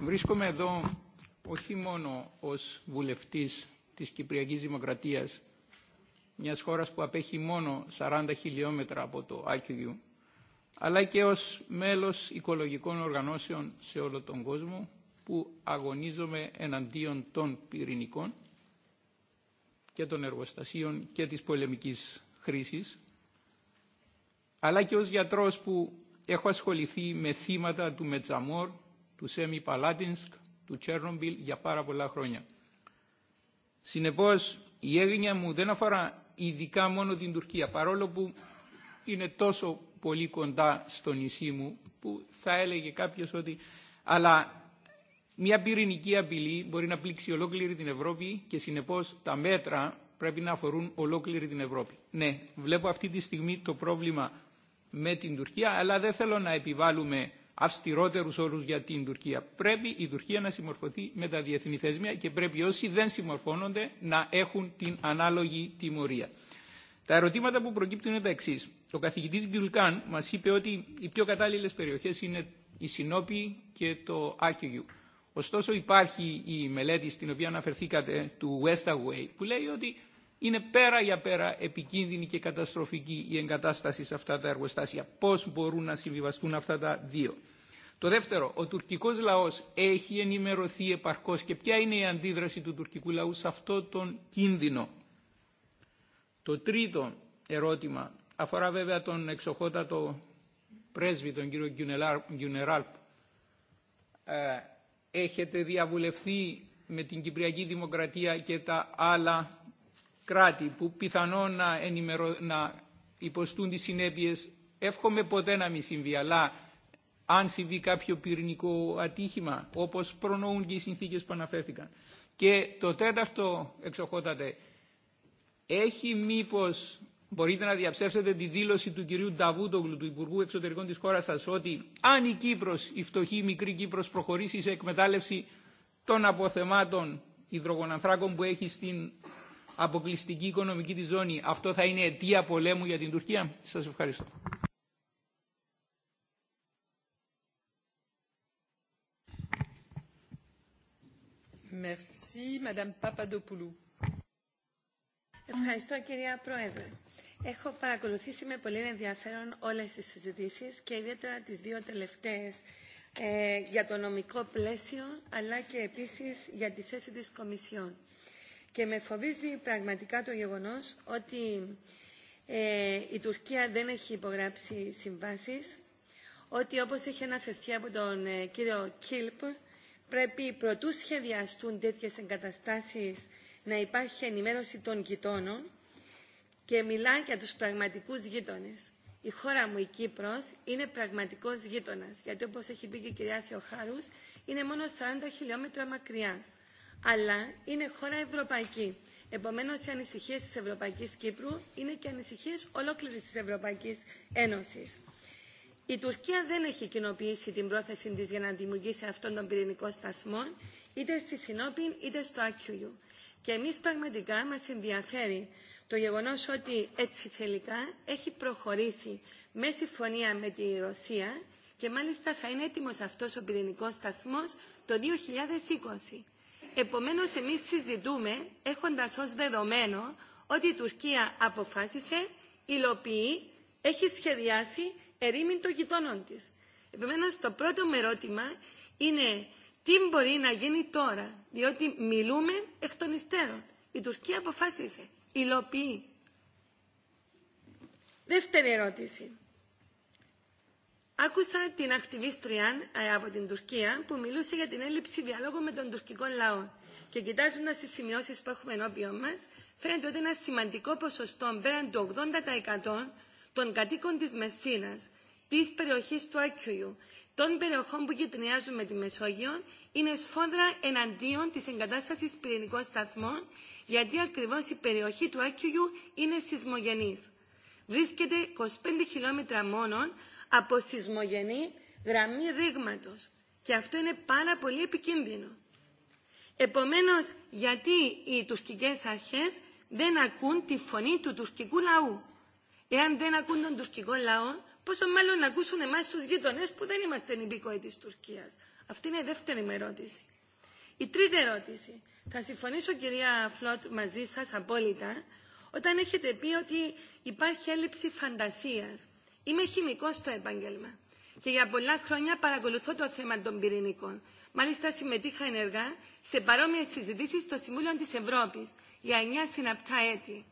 Βρίσκομαι εδώ όχι μόνο ως βουλευτής της Κυπριακής Δημοκρατίας, μιας χώρας που απέχει μόνο 40 χιλιόμετρα από το Άκυγιου, αλλά και ως μέλος οικολογικών οργανώσεων σε όλο τον κόσμο που αγωνίζομαι εναντίον των πυρηνικών και των εργοστασίων και της πολεμικής χρήσης, αλλά και ως γιατρός που έχω ασχοληθεί με θύματα του Μετζαμόρ, του Σέμι Παλάτινσκ, του Τσέρνομπιλ για πάρα πολλά χρόνια. Συνεπώς, η έγνοια μου δεν αφορά ειδικά μόνο την Τουρκία, παρόλο που είναι τόσο πολύ κοντά στο νησί μου, που θα έλεγε κάποιος ότι... Αλλά μια πυρηνική απειλή μπορεί να πλήξει ολόκληρη την Ευρώπη και συνεπώς τα μέτρα πρέπει να αφορούν ολόκληρη την Ευρώπη. Ναι, βλέπω αυτή τη στιγμή το πρόβλημα με την Τουρκία, αλλά δεν θέλω να επιβάλλουμε αυστηρότερους όρους για την Τουρκία. Πρέπει η Τουρκία να συμμορφωθεί με τα διεθνή θεσμία και πρέπει όσοι δεν συμμορφώνονται να έχουν την ανάλογη τιμωρία. Τα ερωτήματα που προκύπτουν είναι τα εξή. Ο καθηγητή Γκιουλκάν μα είπε ότι οι πιο κατάλληλε περιοχέ είναι η Συνόπη και το Άκυγιου. Ωστόσο υπάρχει η μελέτη στην οποία αναφερθήκατε του Westaway που λέει ότι είναι πέρα για πέρα επικίνδυνη και καταστροφική η εγκατάσταση σε αυτά τα εργοστάσια. Πώς μπορούν να συμβιβαστούν αυτά τα δύο. Το δεύτερο, ο τουρκικός λαός έχει ενημερωθεί επαρκώς και ποια είναι η αντίδραση του τουρκικού λαού σε αυτό τον κίνδυνο. Το τρίτο ερώτημα αφορά βέβαια τον εξοχότατο πρέσβη, τον κύριο Γκιουνεράλπ. Έχετε διαβουλευθεί με την Κυπριακή Δημοκρατία και τα άλλα κράτη που πιθανόν να, ενημερω... να υποστούν τις συνέπειες. Εύχομαι ποτέ να μην συμβεί, αλλά αν συμβεί κάποιο πυρηνικό ατύχημα, όπως προνοούν και οι συνθήκες που αναφέρθηκαν. Και το τέταρτο, εξοχότατε, έχει μήπως, μπορείτε να διαψεύσετε τη δήλωση του κυρίου Νταβούτογλου, του Υπουργού Εξωτερικών της χώρας σας, ότι αν η Κύπρος, η φτωχή η μικρή Κύπρος, προχωρήσει σε εκμετάλλευση των αποθεμάτων υδρογονανθράκων που έχει στην αποκλειστική οικονομική της ζώνη, αυτό θα είναι αιτία πολέμου για την Τουρκία. Σας ευχαριστώ. Merci, Madame Papadopoulou. Ευχαριστώ κυρία Πρόεδρε. Έχω παρακολουθήσει με πολύ ενδιαφέρον όλες τις συζητήσεις και ιδιαίτερα τις δύο τελευταίες ε, για το νομικό πλαίσιο αλλά και επίσης για τη θέση της Κομισιόν και με φοβίζει πραγματικά το γεγονός ότι ε, η Τουρκία δεν έχει υπογράψει συμβάσεις, ότι όπως έχει αναφερθεί από τον ε, κύριο Κίλπ, πρέπει προτού σχεδιαστούν τέτοιες εγκαταστάσεις να υπάρχει ενημέρωση των γειτόνων και μιλά για τους πραγματικούς γείτονες. Η χώρα μου, η Κύπρος, είναι πραγματικός γείτονας, γιατί όπως έχει πει και η κυρία Θεοχάρους, είναι μόνο 40 χιλιόμετρα μακριά αλλά είναι χώρα ευρωπαϊκή. Επομένως, οι ανησυχίες της Ευρωπαϊκής Κύπρου είναι και ανησυχίες ολόκληρης της Ευρωπαϊκής Ένωσης. Η Τουρκία δεν έχει κοινοποιήσει την πρόθεση της για να δημιουργήσει αυτόν τον πυρηνικό σταθμό, είτε στη Συνόπιν είτε στο Άκιουγιου. Και εμείς πραγματικά μας ενδιαφέρει το γεγονός ότι έτσι τελικά έχει προχωρήσει με συμφωνία με τη Ρωσία και μάλιστα θα είναι έτοιμος αυτός ο πυρηνικός σταθμός το 2020. Επομένως, εμείς συζητούμε, έχοντας ως δεδομένο, ότι η Τουρκία αποφάσισε, υλοποιεί, έχει σχεδιάσει ερήμην των γειτόνων της. Επομένως, το πρώτο μου ερώτημα είναι τι μπορεί να γίνει τώρα, διότι μιλούμε εκ των υστέρων. Η Τουρκία αποφάσισε, υλοποιεί. Δεύτερη ερώτηση. Άκουσα την ακτιβίστρια από την Τουρκία που μιλούσε για την έλλειψη διάλογου με τον τουρκικό λαό. Και κοιτάζοντα τι σημειώσει που έχουμε ενώπιον μα, φαίνεται ότι ένα σημαντικό ποσοστό, πέραν του 80% των κατοίκων τη Μερσίνα, τη περιοχή του Άκιου, των περιοχών που γειτονιάζουν με τη Μεσόγειο, είναι σφόδρα εναντίον τη εγκατάσταση πυρηνικών σταθμών, γιατί ακριβώ η περιοχή του Άκιου είναι σεισμογενή. Βρίσκεται 25 χιλιόμετρα μόνον από σεισμογενή γραμμή ρήγματος. Και αυτό είναι πάρα πολύ επικίνδυνο. Επομένως, γιατί οι τουρκικές αρχές δεν ακούν τη φωνή του τουρκικού λαού. Εάν δεν ακούν τον τουρκικό λαό, πόσο μάλλον να ακούσουν εμάς τους γείτονες που δεν είμαστε υπηκόοι της Τουρκίας. Αυτή είναι η δεύτερη μου ερώτηση. Η τρίτη ερώτηση. Θα συμφωνήσω, κυρία Φλότ, μαζί σας απόλυτα, όταν έχετε πει ότι υπάρχει έλλειψη φαντασίας Είμαι χημικό στο επάγγελμα και για πολλά χρόνια παρακολουθώ το θέμα των πυρηνικών. Μάλιστα συμμετείχα ενεργά σε παρόμοιε συζητήσει στο Συμβούλιο τη Ευρώπη για 9 συναπτά έτη.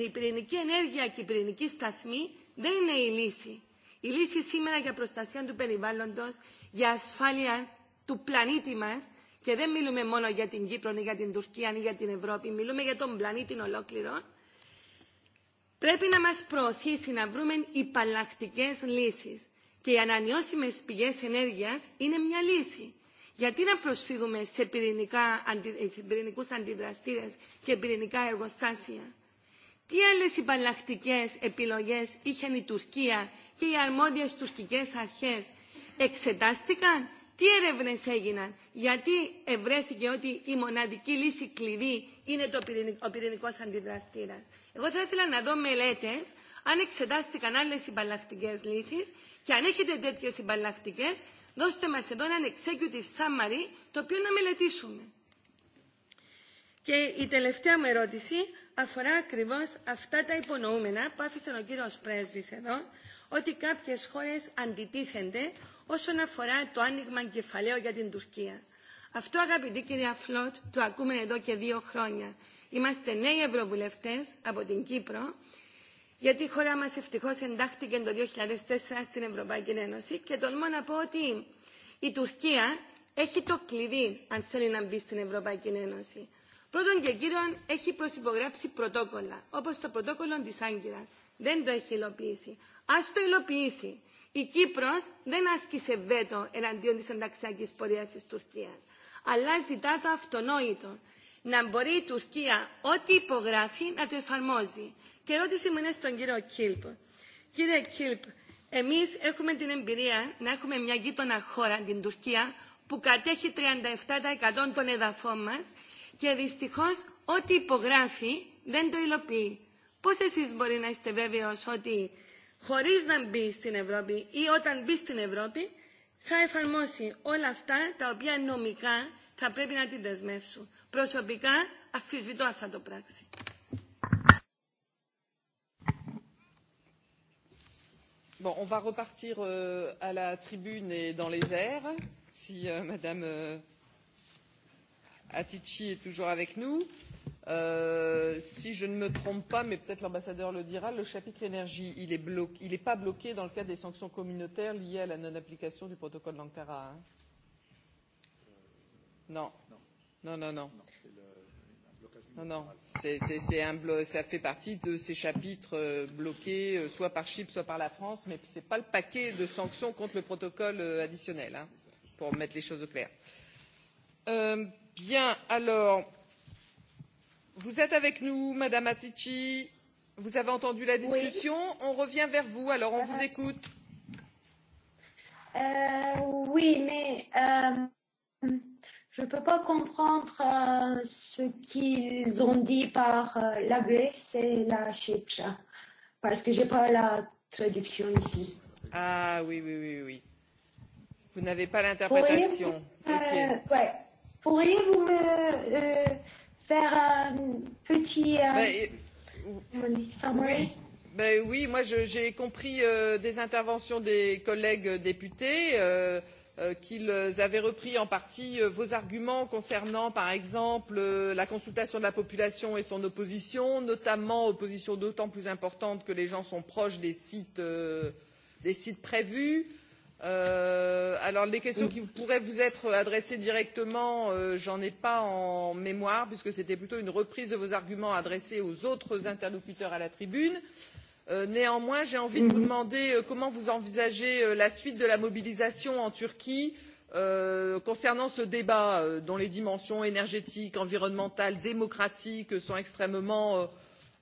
Η πυρηνική ενέργεια και η πυρηνική σταθμή δεν είναι η λύση. Η λύση σήμερα για προστασία του περιβάλλοντος, για ασφάλεια του πλανήτη μας και δεν μιλούμε μόνο για την Κύπρο ή για την Τουρκία ή για την Ευρώπη, μιλούμε για τον πλανήτη ολόκληρο, πρέπει να μας προωθήσει να βρούμε υπαλλακτικές λύσεις. Και οι ανανεώσιμες πηγές ενέργειας είναι μια λύση. Γιατί να προσφύγουμε σε, πυρηνικά, σε πυρηνικούς αντιδραστήρες και πυρηνικά εργοστάσια. Τι άλλες υπαλλακτικές επιλογές είχαν η Τουρκία και οι αρμόδιες τουρκικές αρχές εξετάστηκαν τι έρευνες έγιναν, γιατί ευρέθηκε ότι η μοναδική λύση κλειδί είναι το πυρηνικό, ο πυρηνικός αντιδραστήρας. Εγώ θα ήθελα να δω μελέτες αν εξετάστηκαν άλλες συμπαλλακτικές λύσεις και αν έχετε τέτοιες συμπαλλακτικές, δώστε μας εδώ έναν executive summary το οποίο να μελετήσουμε. Και η τελευταία μου ερώτηση αφορά ακριβώς αυτά τα υπονοούμενα που άφησε ο κύριος Πρέσβης εδώ, ότι κάποιες χώρες αντιτίθενται όσον αφορά το άνοιγμα κεφαλαίου για την Τουρκία. Αυτό αγαπητή κυρία Φλότ το ακούμε εδώ και δύο χρόνια. Είμαστε νέοι ευρωβουλευτές από την Κύπρο γιατί η χώρα μας ευτυχώς εντάχθηκε το 2004 στην Ευρωπαϊκή Ένωση και τολμώ να πω ότι η Τουρκία έχει το κλειδί αν θέλει να μπει στην Ευρωπαϊκή Ένωση. Πρώτον και κύριον έχει προσυπογράψει πρωτόκολλα, όπως το πρωτόκολλο της Άγκυρας. Δεν το έχει υλοποιήσει. Ας το υλοποιήσει. Η Κύπρος δεν άσκησε βέτο εναντίον της ενταξιακής πορείας της Τουρκίας, αλλά ζητά το αυτονόητο, να μπορεί η Τουρκία ό,τι υπογράφει να το εφαρμόζει. Και ερώτηση μου είναι στον κύριο Κίλπ. Κύριε Κίλπ, εμείς έχουμε την εμπειρία να έχουμε μια γείτονα χώρα, την Τουρκία, που κατέχει 37% των εδαφών μας και δυστυχώς ό,τι υπογράφει δεν το υλοποιεί. Πώς εσείς μπορεί να είστε βέβαιος ότι χωρίς να μπει στην Ευρώπη ή όταν μπει στην Ευρώπη, θα εφαρμόσει όλα αυτά τα οποία νομικά θα πρέπει να την δεσμεύσουν. Προσωπικά αφισβητώ αν θα το πράξει. Bon, on va repartir euh, à la tribune et dans les airs, si euh, Madame euh, Atici est toujours avec nous. Euh, si je ne me trompe pas, mais peut-être l'ambassadeur le dira, le chapitre énergie, il n'est bloqué, pas bloqué dans le cadre des sanctions communautaires liées à la non-application du protocole d'Ankara. Hein euh, non. Non, non, non. non. Non, non, c'est, c'est, c'est un blo- ça fait partie de ces chapitres euh, bloqués, euh, soit par Chypre, soit par la France, mais ce n'est pas le paquet de sanctions contre le protocole euh, additionnel, hein, pour mettre les choses au clair. Euh, bien, alors, vous êtes avec nous madame attici vous avez entendu la discussion oui. on revient vers vous alors on euh, vous écoute. Euh, oui mais euh, je ne peux pas comprendre euh, ce qu'ils ont dit par euh, la Grèce et la Chypre parce que je n'ai pas la traduction ici. Ah oui oui oui oui. Vous n'avez pas l'interprétation. Pourriez-vous okay. euh, ouais. Pourriez me euh, faire un petit euh, bah, summary ben oui, moi j'ai compris euh, des interventions des collègues députés euh, euh, qu'ils avaient repris en partie euh, vos arguments concernant, par exemple, euh, la consultation de la population et son opposition, notamment opposition d'autant plus importante que les gens sont proches des sites, euh, des sites prévus. Euh, Euh, alors les questions qui pourraient vous être adressées directement, euh, j'en ai pas en mémoire puisque c'était plutôt une reprise de vos arguments adressés aux autres interlocuteurs à la tribune. Euh, néanmoins, j'ai envie de vous mhm. demander euh, comment vous envisagez euh, la suite de la mobilisation en Turquie euh, concernant ce débat euh, dont les dimensions énergétiques, environnementales, démocratiques sont extrêmement euh,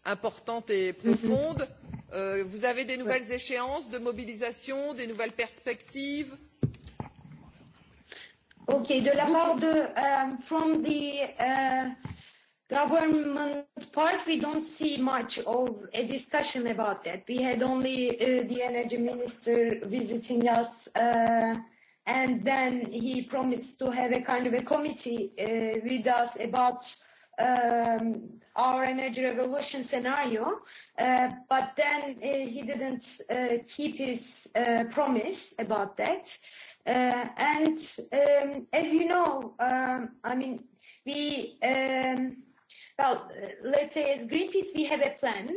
importantes et mhm. profondes. Mm -hmm Euh, vous avez des nouvelles échéances de mobilisation, des nouvelles perspectives Ok, de la part de um, from the uh, government part, we don't see much of a discussion about that. We had only uh, the energy minister visiting us, uh, and then he promised to have a kind of a committee uh, with us about uh, um, our energy revolution scenario, uh, but then uh, he didn't uh, keep his uh, promise about that. Uh, and um, as you know, um, I mean, we, um, well, let's say as Greenpeace, we have a plan.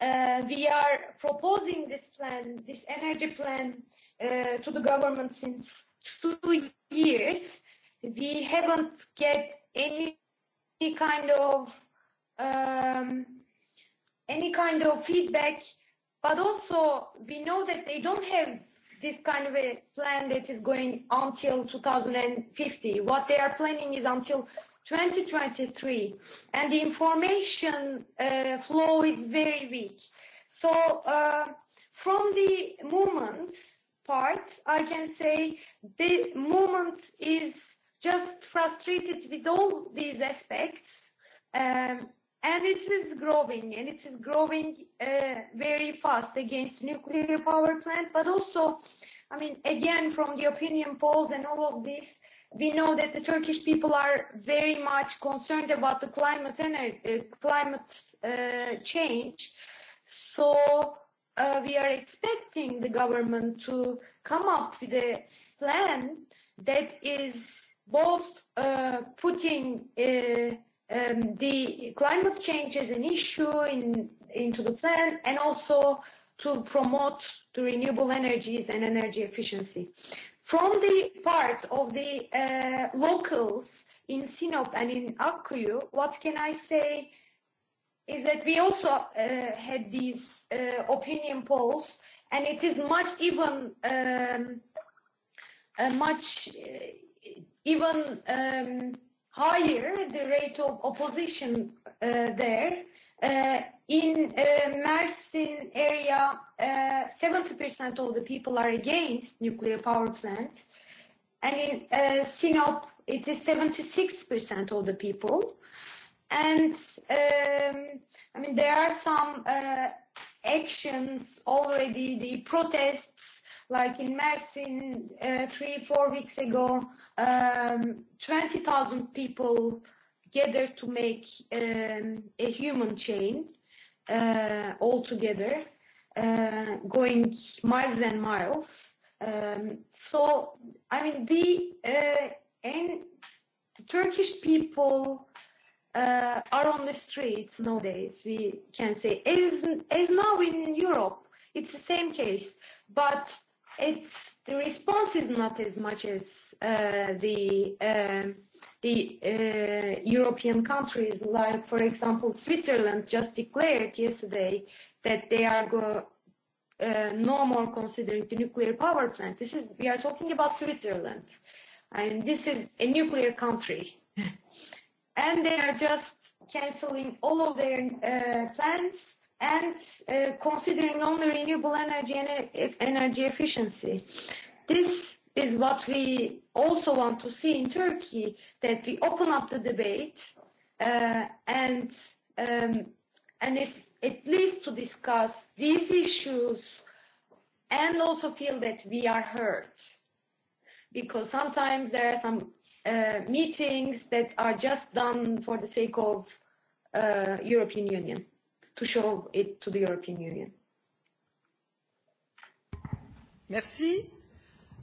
Uh, we are proposing this plan, this energy plan, uh, to the government since two years. We haven't get any any kind of um, any kind of feedback. But also we know that they don't have this kind of a plan that is going until 2050. What they are planning is until 2023, and the information uh, flow is very weak. So uh, from the movement part, I can say the movement is just frustrated with all these aspects. Um, and it is growing, and it is growing uh, very fast against nuclear power plant. But also, I mean, again, from the opinion polls and all of this, we know that the Turkish people are very much concerned about the climate energy, uh, climate uh, change. So uh, we are expecting the government to come up with a plan that is both uh, putting uh, um, the climate change as an issue into the plan and also to promote the renewable energies and energy efficiency. From the part of the uh, locals in Sinop and in Akkuyu, what can I say is that we also had these opinion polls, and it is much even um, much even um, higher the rate of opposition uh, there. Uh, in uh, Mersin area, 70% of the people are against nuclear power plants. In Sinop, it is 76% of the people. Um, I mean, there are some actions already, the protests Like in Mersin, uh, three, four weeks ago, um, 20,000 people gathered to make um, a human chain uh, all together, uh, going miles and miles. Um, so, I mean, the, uh, and the Turkish people uh, are on the streets nowadays, we can say. As, as now in Europe, it's the same case. But it's the response is not as much as uh, the uh, the uh, European countries, like for example Switzerland, just declared yesterday that they are go, uh, no more considering the nuclear power plant. This is we are talking about Switzerland, and this is a nuclear country, and they are just canceling all of their uh, plans and uh, considering non-renewable energy and energy efficiency. This is what we also want to see in Turkey, that we open up the debate uh, and um, and if at least to discuss these issues and also feel that we are heard. Because sometimes there are some uh, meetings that are just done for the sake of uh, European Union to show it to the European Union. Merci.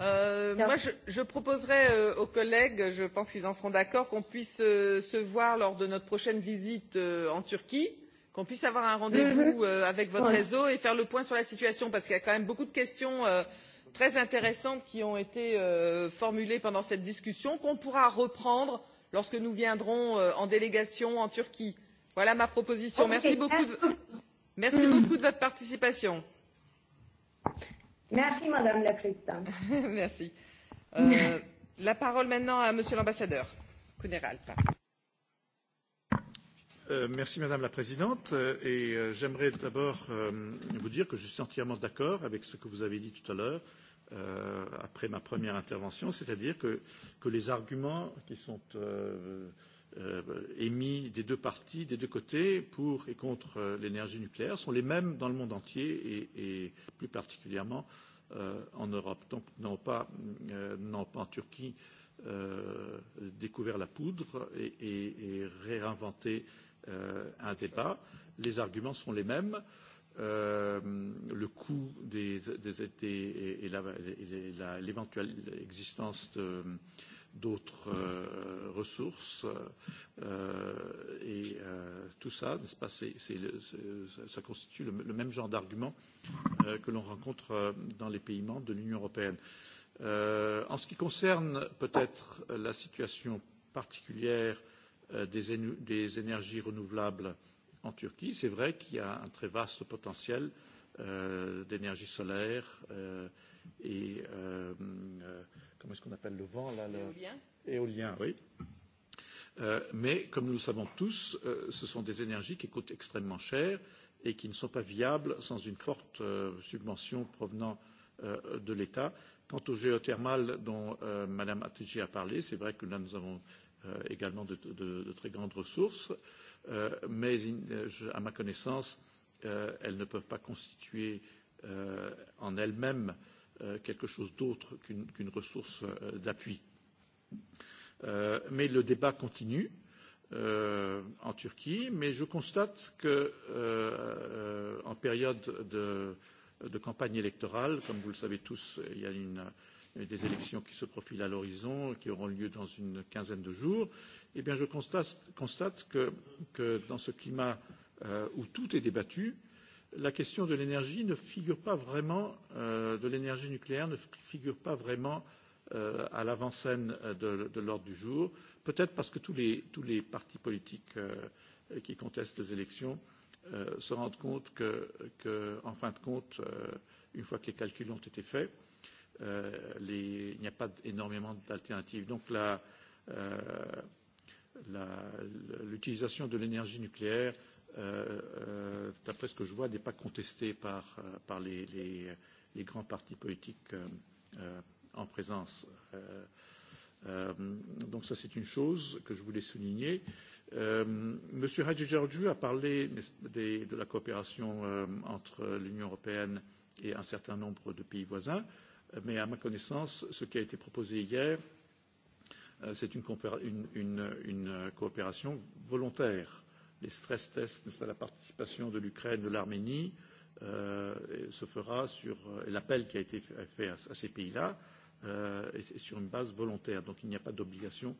Euh, yeah. Moi, je, je proposerais euh, aux collègues, je pense qu'ils en seront d'accord, qu'on puisse euh, se voir lors de notre prochaine visite euh, en Turquie, qu'on puisse avoir un rendez-vous mm -hmm. euh, avec votre ouais. réseau et faire le point sur la situation, parce qu'il y a quand même beaucoup de questions euh, très intéressantes qui ont été euh, formulées pendant cette discussion, qu'on pourra reprendre lorsque nous viendrons euh, en délégation en Turquie voilà ma proposition. merci beaucoup de, merci beaucoup de votre participation. merci madame la présidente. merci. Euh, la parole maintenant à monsieur l'ambassadeur Kuneralpa. Euh, merci Madame la Présidente euh, et euh, j'aimerais d'abord euh, vous dire que je suis entièrement d'accord avec ce que vous avez dit tout à l'heure euh, après ma première intervention, c'est-à-dire que, que les arguments qui sont euh, euh, émis des deux parties, des deux côtés, pour et contre euh, l'énergie nucléaire, sont les mêmes dans le monde entier et, et plus particulièrement euh, en Europe. Donc, n'ont pas, euh, n'ont pas en Turquie euh, découvert la poudre et, et, et réinventé euh, un débat. Les arguments sont les mêmes. Euh, le coût des, des, des, et, et l'éventuelle existence de, euh, d'autres euh, ressources euh, et euh, tout ça, n'est-ce pas, c'est, c'est le, c'est, ça constitue le, le même genre d'argument euh, que l'on rencontre euh, dans les pays membres de l'Union européenne. Euh, en ce qui concerne peut-être la situation particulière euh, des, des énergies renouvelables en Turquie, c'est vrai qu'il y a un très vaste potentiel euh, d'énergie solaire euh, et euh, euh, comment est-ce qu'on appelle le vent là, le... Éolien. Éolien, oui. Euh, mais comme nous le savons tous, euh, ce sont des énergies qui coûtent extrêmement cher et qui ne sont pas viables sans une forte euh, subvention provenant euh, de l'État. Quant au géothermal dont euh, Mme Atigi a parlé, c'est vrai que là nous avons euh, également de, de, de très grandes ressources, euh, mais in, je, euh, à ma connaissance, euh, elles ne peuvent pas constituer euh, en elles-mêmes euh, euh, quelque chose d'autre qu'une qu, une, qu une ressource euh, d'appui. Euh, mais le débat continue euh, en Turquie, mais je constate que euh, euh, en période de, de campagne électorale, comme vous le savez tous, il y a une, des élections qui se profilent à l'horizon, qui auront lieu dans une quinzaine de jours, eh bien je constate, constate que, que dans ce climat euh, où tout est débattu, euh, la question de l'énergie ne figure pas vraiment euh, de l'énergie nucléaire ne figure pas vraiment euh, à l'avant scène euh, de, de l'ordre du jour, peut être parce que tous les, tous les partis politiques euh, qui contestent les élections euh, se rendent compte que, que en fin de compte, euh, une fois que les calculs ont été faits, euh, les, il n'y a pas énormément d'alternatives. Donc la, euh, l'utilisation de l'énergie nucléaire euh, euh, euh, d'après ce que je vois, n'est pas contesté par, euh, par les, les, les grands partis politiques euh, euh, en présence. Euh, euh, donc ça, c'est une chose que je voulais souligner. Euh, Monsieur Hadji Georgiou a parlé des, de la coopération euh, entre l'Union européenne et un certain nombre de pays voisins, mais à ma connaissance, ce qui a été proposé hier, euh, c'est une, une, une, une coopération volontaire les stress tests, n'est-ce pas, la participation de l'Ukraine, de l'Arménie, euh, se fera sur euh, l'appel qui a été fait à, à ces pays-là, euh, et, et sur une base volontaire. Donc il n'y a pas d'obligation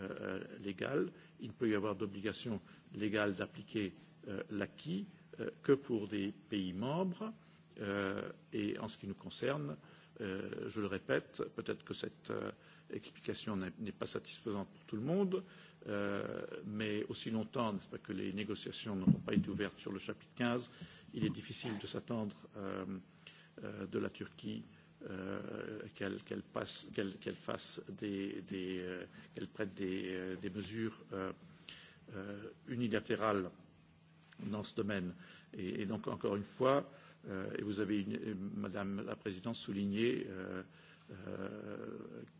euh, légale. Il ne peut y avoir d'obligation légale d'appliquer euh, l'acquis euh, que pour des pays membres. Euh, et en ce qui nous concerne, euh, je le répète, peut-être que cette euh, explication n'est pas satisfaisante pour tout le monde, euh, mais aussi longtemps n'est-ce pas, que les négociations n'auront pas été ouvertes sur le chapitre 15, il est difficile de s'attendre euh, euh, de la Turquie euh, qu'elle qu passe, qu'elle qu fasse des, des euh, qu'elle prenne des, euh, des mesures euh, euh, unilatérales dans ce domaine. Et, et donc encore une fois, euh, et vous avez une, Madame la Présidente souligné euh, Euh,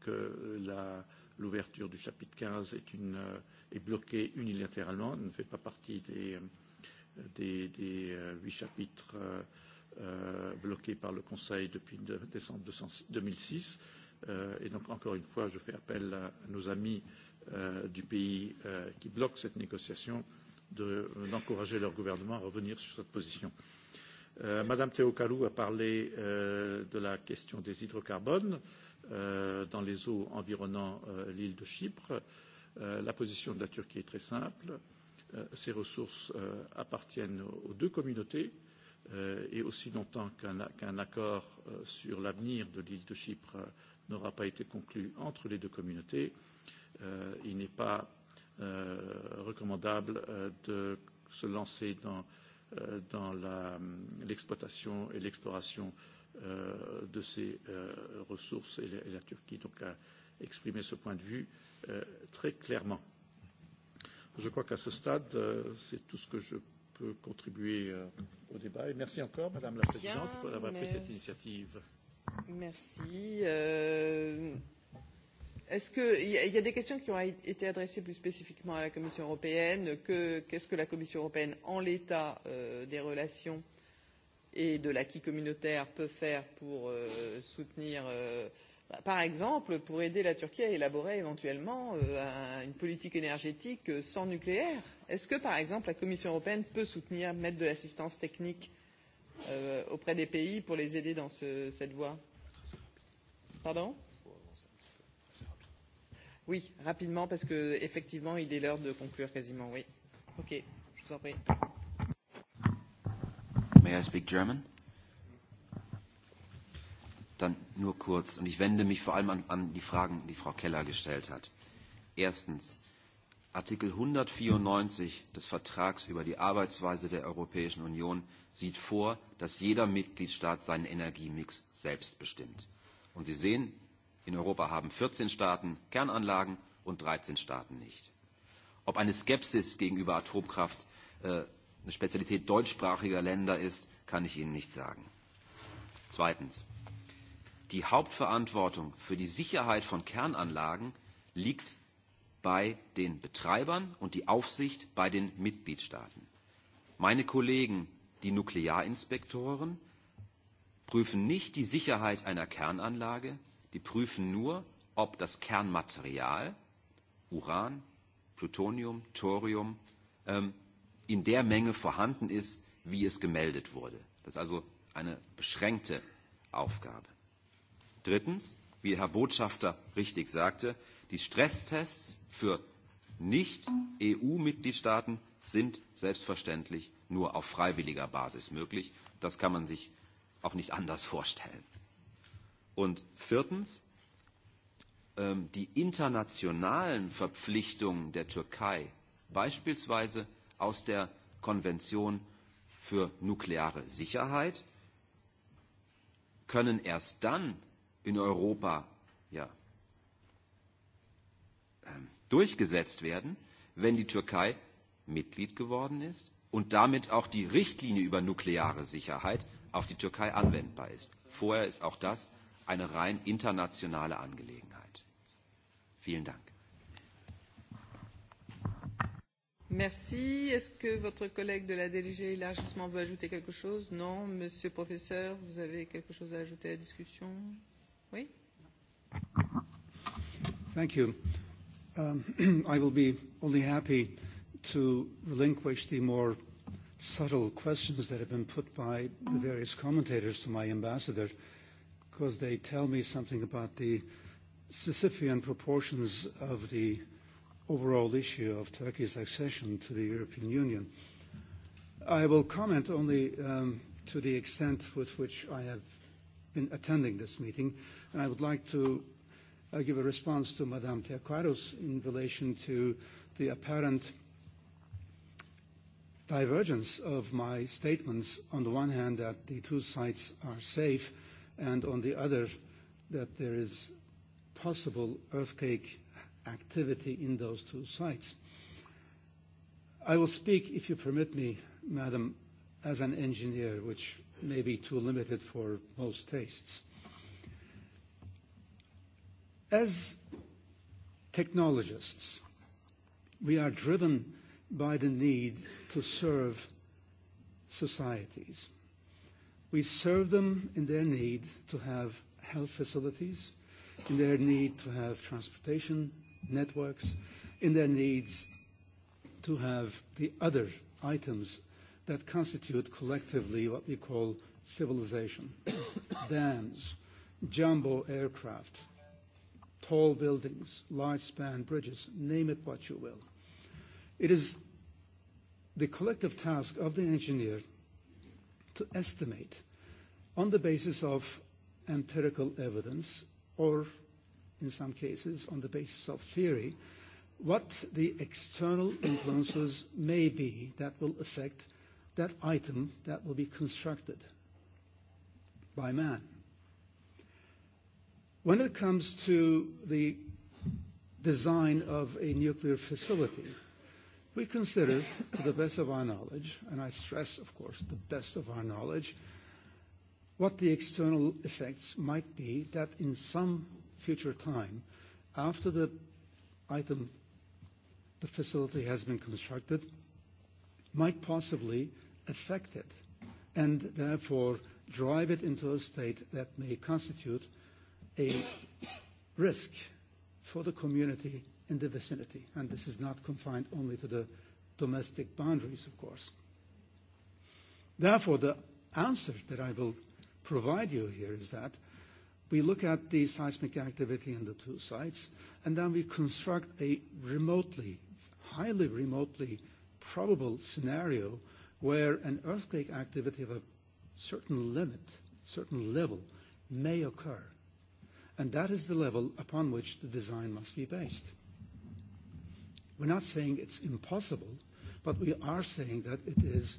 que la, l'ouverture du chapitre 15 est, une, euh, est bloquée unilatéralement, ne fait pas partie des, des, des euh, huit chapitres euh, bloqués par le Conseil depuis de, décembre 2006. Euh, et donc, encore une fois, je fais appel à, à nos amis euh, du pays euh, qui bloquent cette négociation d'encourager de, leur gouvernement à revenir sur cette position. Euh, Euh, Madame Théocalou a parlé euh, de la question des hydrocarbones euh, dans les eaux environnant euh, l'île de Chypre. Euh, la position de la Turquie est très simple. Euh, ces ressources euh, appartiennent aux deux communautés euh, et aussi longtemps qu'un qu, un, qu un accord euh, sur l'avenir de l'île de Chypre euh, n'aura pas été conclu entre les deux communautés, euh, il n'est pas euh, recommandable euh, de se lancer dans euh, euh, dans l'exploitation et l'exploration euh, de ces euh, ressources et la, et la Turquie donc a exprimé ce point de vue euh, très clairement. Je crois qu'à ce stade, euh, c'est tout ce que je peut contribuer euh, au débat. Et merci encore, Madame la Présidente, Bien, pour avoir mais... pris cette initiative. Merci. Euh, Est-ce qu'il y, y a des questions qui ont été adressées plus spécifiquement à la Commission européenne Qu'est-ce qu que la Commission européenne, en l'état euh, des relations et de l'acquis communautaire, peut faire pour euh, soutenir, euh, bah, par exemple, pour aider la Turquie à élaborer éventuellement euh, un, une politique énergétique euh, sans nucléaire Est-ce que, par exemple, la Commission européenne peut soutenir, mettre de l'assistance technique euh, auprès des pays pour les aider dans ce, cette voie Pardon euh, Oui, rapidement, parce qu'effectivement, il est l'heure de conclure quasiment, oui. Ok, je vous en prie. May I speak German? Dann nur kurz, und ich wende mich vor allem an, an die Fragen, die Frau Keller gestellt hat. Erstens, Artikel 194 des Vertrags über die Arbeitsweise der Europäischen Union sieht vor, dass jeder Mitgliedstaat seinen Energiemix selbst bestimmt. Und Sie sehen, In Europa haben 14 Staaten Kernanlagen und 13 Staaten nicht. Ob eine Skepsis gegenüber Atomkraft äh, eine Spezialität deutschsprachiger Länder ist, kann ich Ihnen nicht sagen. Zweitens. Die Hauptverantwortung für die Sicherheit von Kernanlagen liegt bei den Betreibern und die Aufsicht bei den Mitgliedstaaten. Meine Kollegen, die Nuklearinspektoren, prüfen nicht die Sicherheit einer Kernanlage, Die prüfen nur, ob das Kernmaterial Uran, Plutonium, Thorium ähm, in der Menge vorhanden ist, wie es gemeldet wurde. Das ist also eine beschränkte Aufgabe. Drittens, wie Herr Botschafter richtig sagte, die Stresstests für Nicht-EU-Mitgliedstaaten sind selbstverständlich nur auf freiwilliger Basis möglich. Das kann man sich auch nicht anders vorstellen. Und viertens, ähm, die internationalen Verpflichtungen der Türkei, beispielsweise aus der Konvention für nukleare Sicherheit, können erst dann in Europa ja, ähm, durchgesetzt werden, wenn die Türkei Mitglied geworden ist und damit auch die Richtlinie über nukleare Sicherheit auf die Türkei anwendbar ist. Vorher ist auch das eine rein internationale Angelegenheit. Vielen Dank. Merci. Est-ce que votre collègue de la DLG élargissement veut ajouter quelque chose Non. Monsieur le professeur, vous avez quelque chose à ajouter à la discussion Oui Thank you. Um, I will be only happy to relinquish the more subtle questions that have been put by the various commentators to my ambassador. Uh, because they tell me something about the Sisyphean proportions of the overall issue of Turkey's accession to the European Union. I will comment only um, to the extent with which I have been attending this meeting, and I would like to uh, give a response to Madame Teokaros in relation to the apparent divergence of my statements on the one hand that the two sites are safe and on the other, that there is possible earthquake activity in those two sites. I will speak, if you permit me, madam, as an engineer, which may be too limited for most tastes. As technologists, we are driven by the need to serve societies. We serve them in their need to have health facilities, in their need to have transportation networks, in their needs to have the other items that constitute collectively what we call civilization. Dams, jumbo aircraft, tall buildings, large span bridges, name it what you will. It is the collective task of the engineer to estimate on the basis of empirical evidence or, in some cases, on the basis of theory, what the external influences may be that will affect that item that will be constructed by man. When it comes to the design of a nuclear facility, We considered, to the best of our knowledge, and I stress, of course, the best of our knowledge, what the external effects might be that in some future time, after the item, the facility has been constructed, might possibly affect it, and therefore drive it into a state that may constitute a risk for the community in the vicinity. And this is not confined only to the domestic boundaries, of course. Therefore, the answer that I will provide you here is that we look at the seismic activity in the two sites, and then we construct a remotely, highly remotely probable scenario where an earthquake activity of a certain limit, certain level, may occur. And that is the level upon which the design must be based. We're not saying it's impossible, but we are saying that it is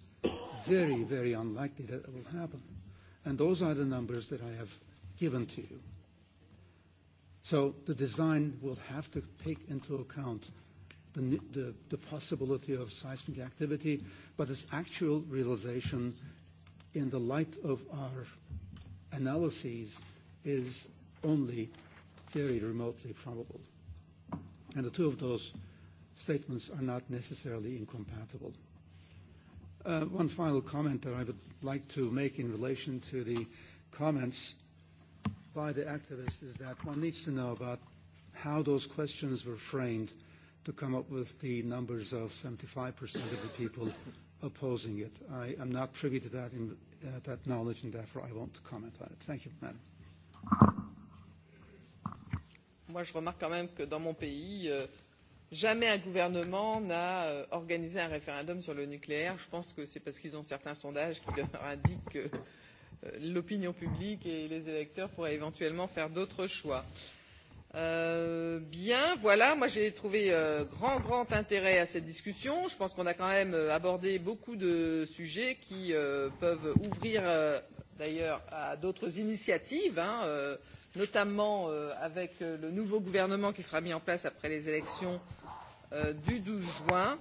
very, very unlikely that it will happen. And those are the numbers that I have given to you. So the design will have to take into account the, the, the possibility of seismic activity, but its actual realization in the light of our analyses is only very remotely probable. And the two of those statements are not necessarily incompatible. Uh, one final comment that I would like to make in relation to the comments by the activists is that one needs to know about how those questions were framed to come up with the numbers of 75% of the people opposing it. I am not privy to that, in, uh, that knowledge, and therefore I won't comment on it. Thank you, madam. Moi, je remarque quand même que dans mon pays, euh, Jamais un gouvernement n'a euh, organisé un référendum sur le nucléaire. Je pense que c'est parce qu'ils ont certains sondages qui leur indiquent que euh, l'opinion publique et les électeurs pourraient éventuellement faire d'autres choix. Euh, bien, voilà, moi j'ai trouvé euh, grand, grand intérêt à cette discussion. Je pense qu'on a quand même euh, abordé beaucoup de sujets qui euh, peuvent ouvrir euh, d'ailleurs à d'autres initiatives. Hein, euh, notamment euh, avec euh, le nouveau gouvernement qui sera mis en place après les élections euh, du douze juin.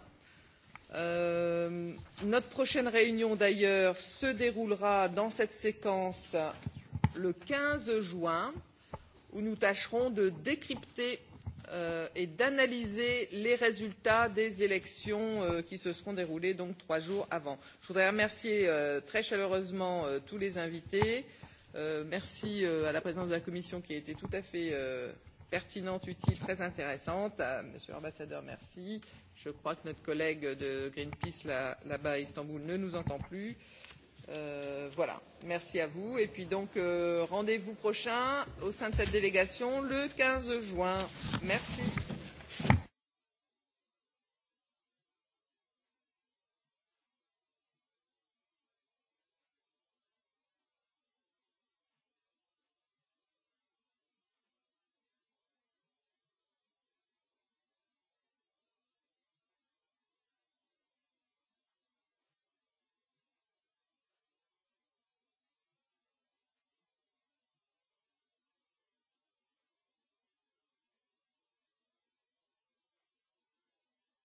Euh, notre prochaine réunion d'ailleurs se déroulera dans cette séquence le quinze juin où nous tâcherons de décrypter euh, et d'analyser les résultats des élections euh, qui se seront déroulées donc trois jours avant. je voudrais remercier très chaleureusement tous les invités et Euh, merci euh, à la présidence de la Commission qui a été tout à fait euh, pertinente, utile, très intéressante. À Monsieur l'ambassadeur, merci. Je crois que notre collègue de Greenpeace là, là-bas à Istanbul ne nous entend plus. Euh, voilà, merci à vous. Et puis donc, euh, rendez-vous prochain au sein de cette délégation le 15 juin. Merci.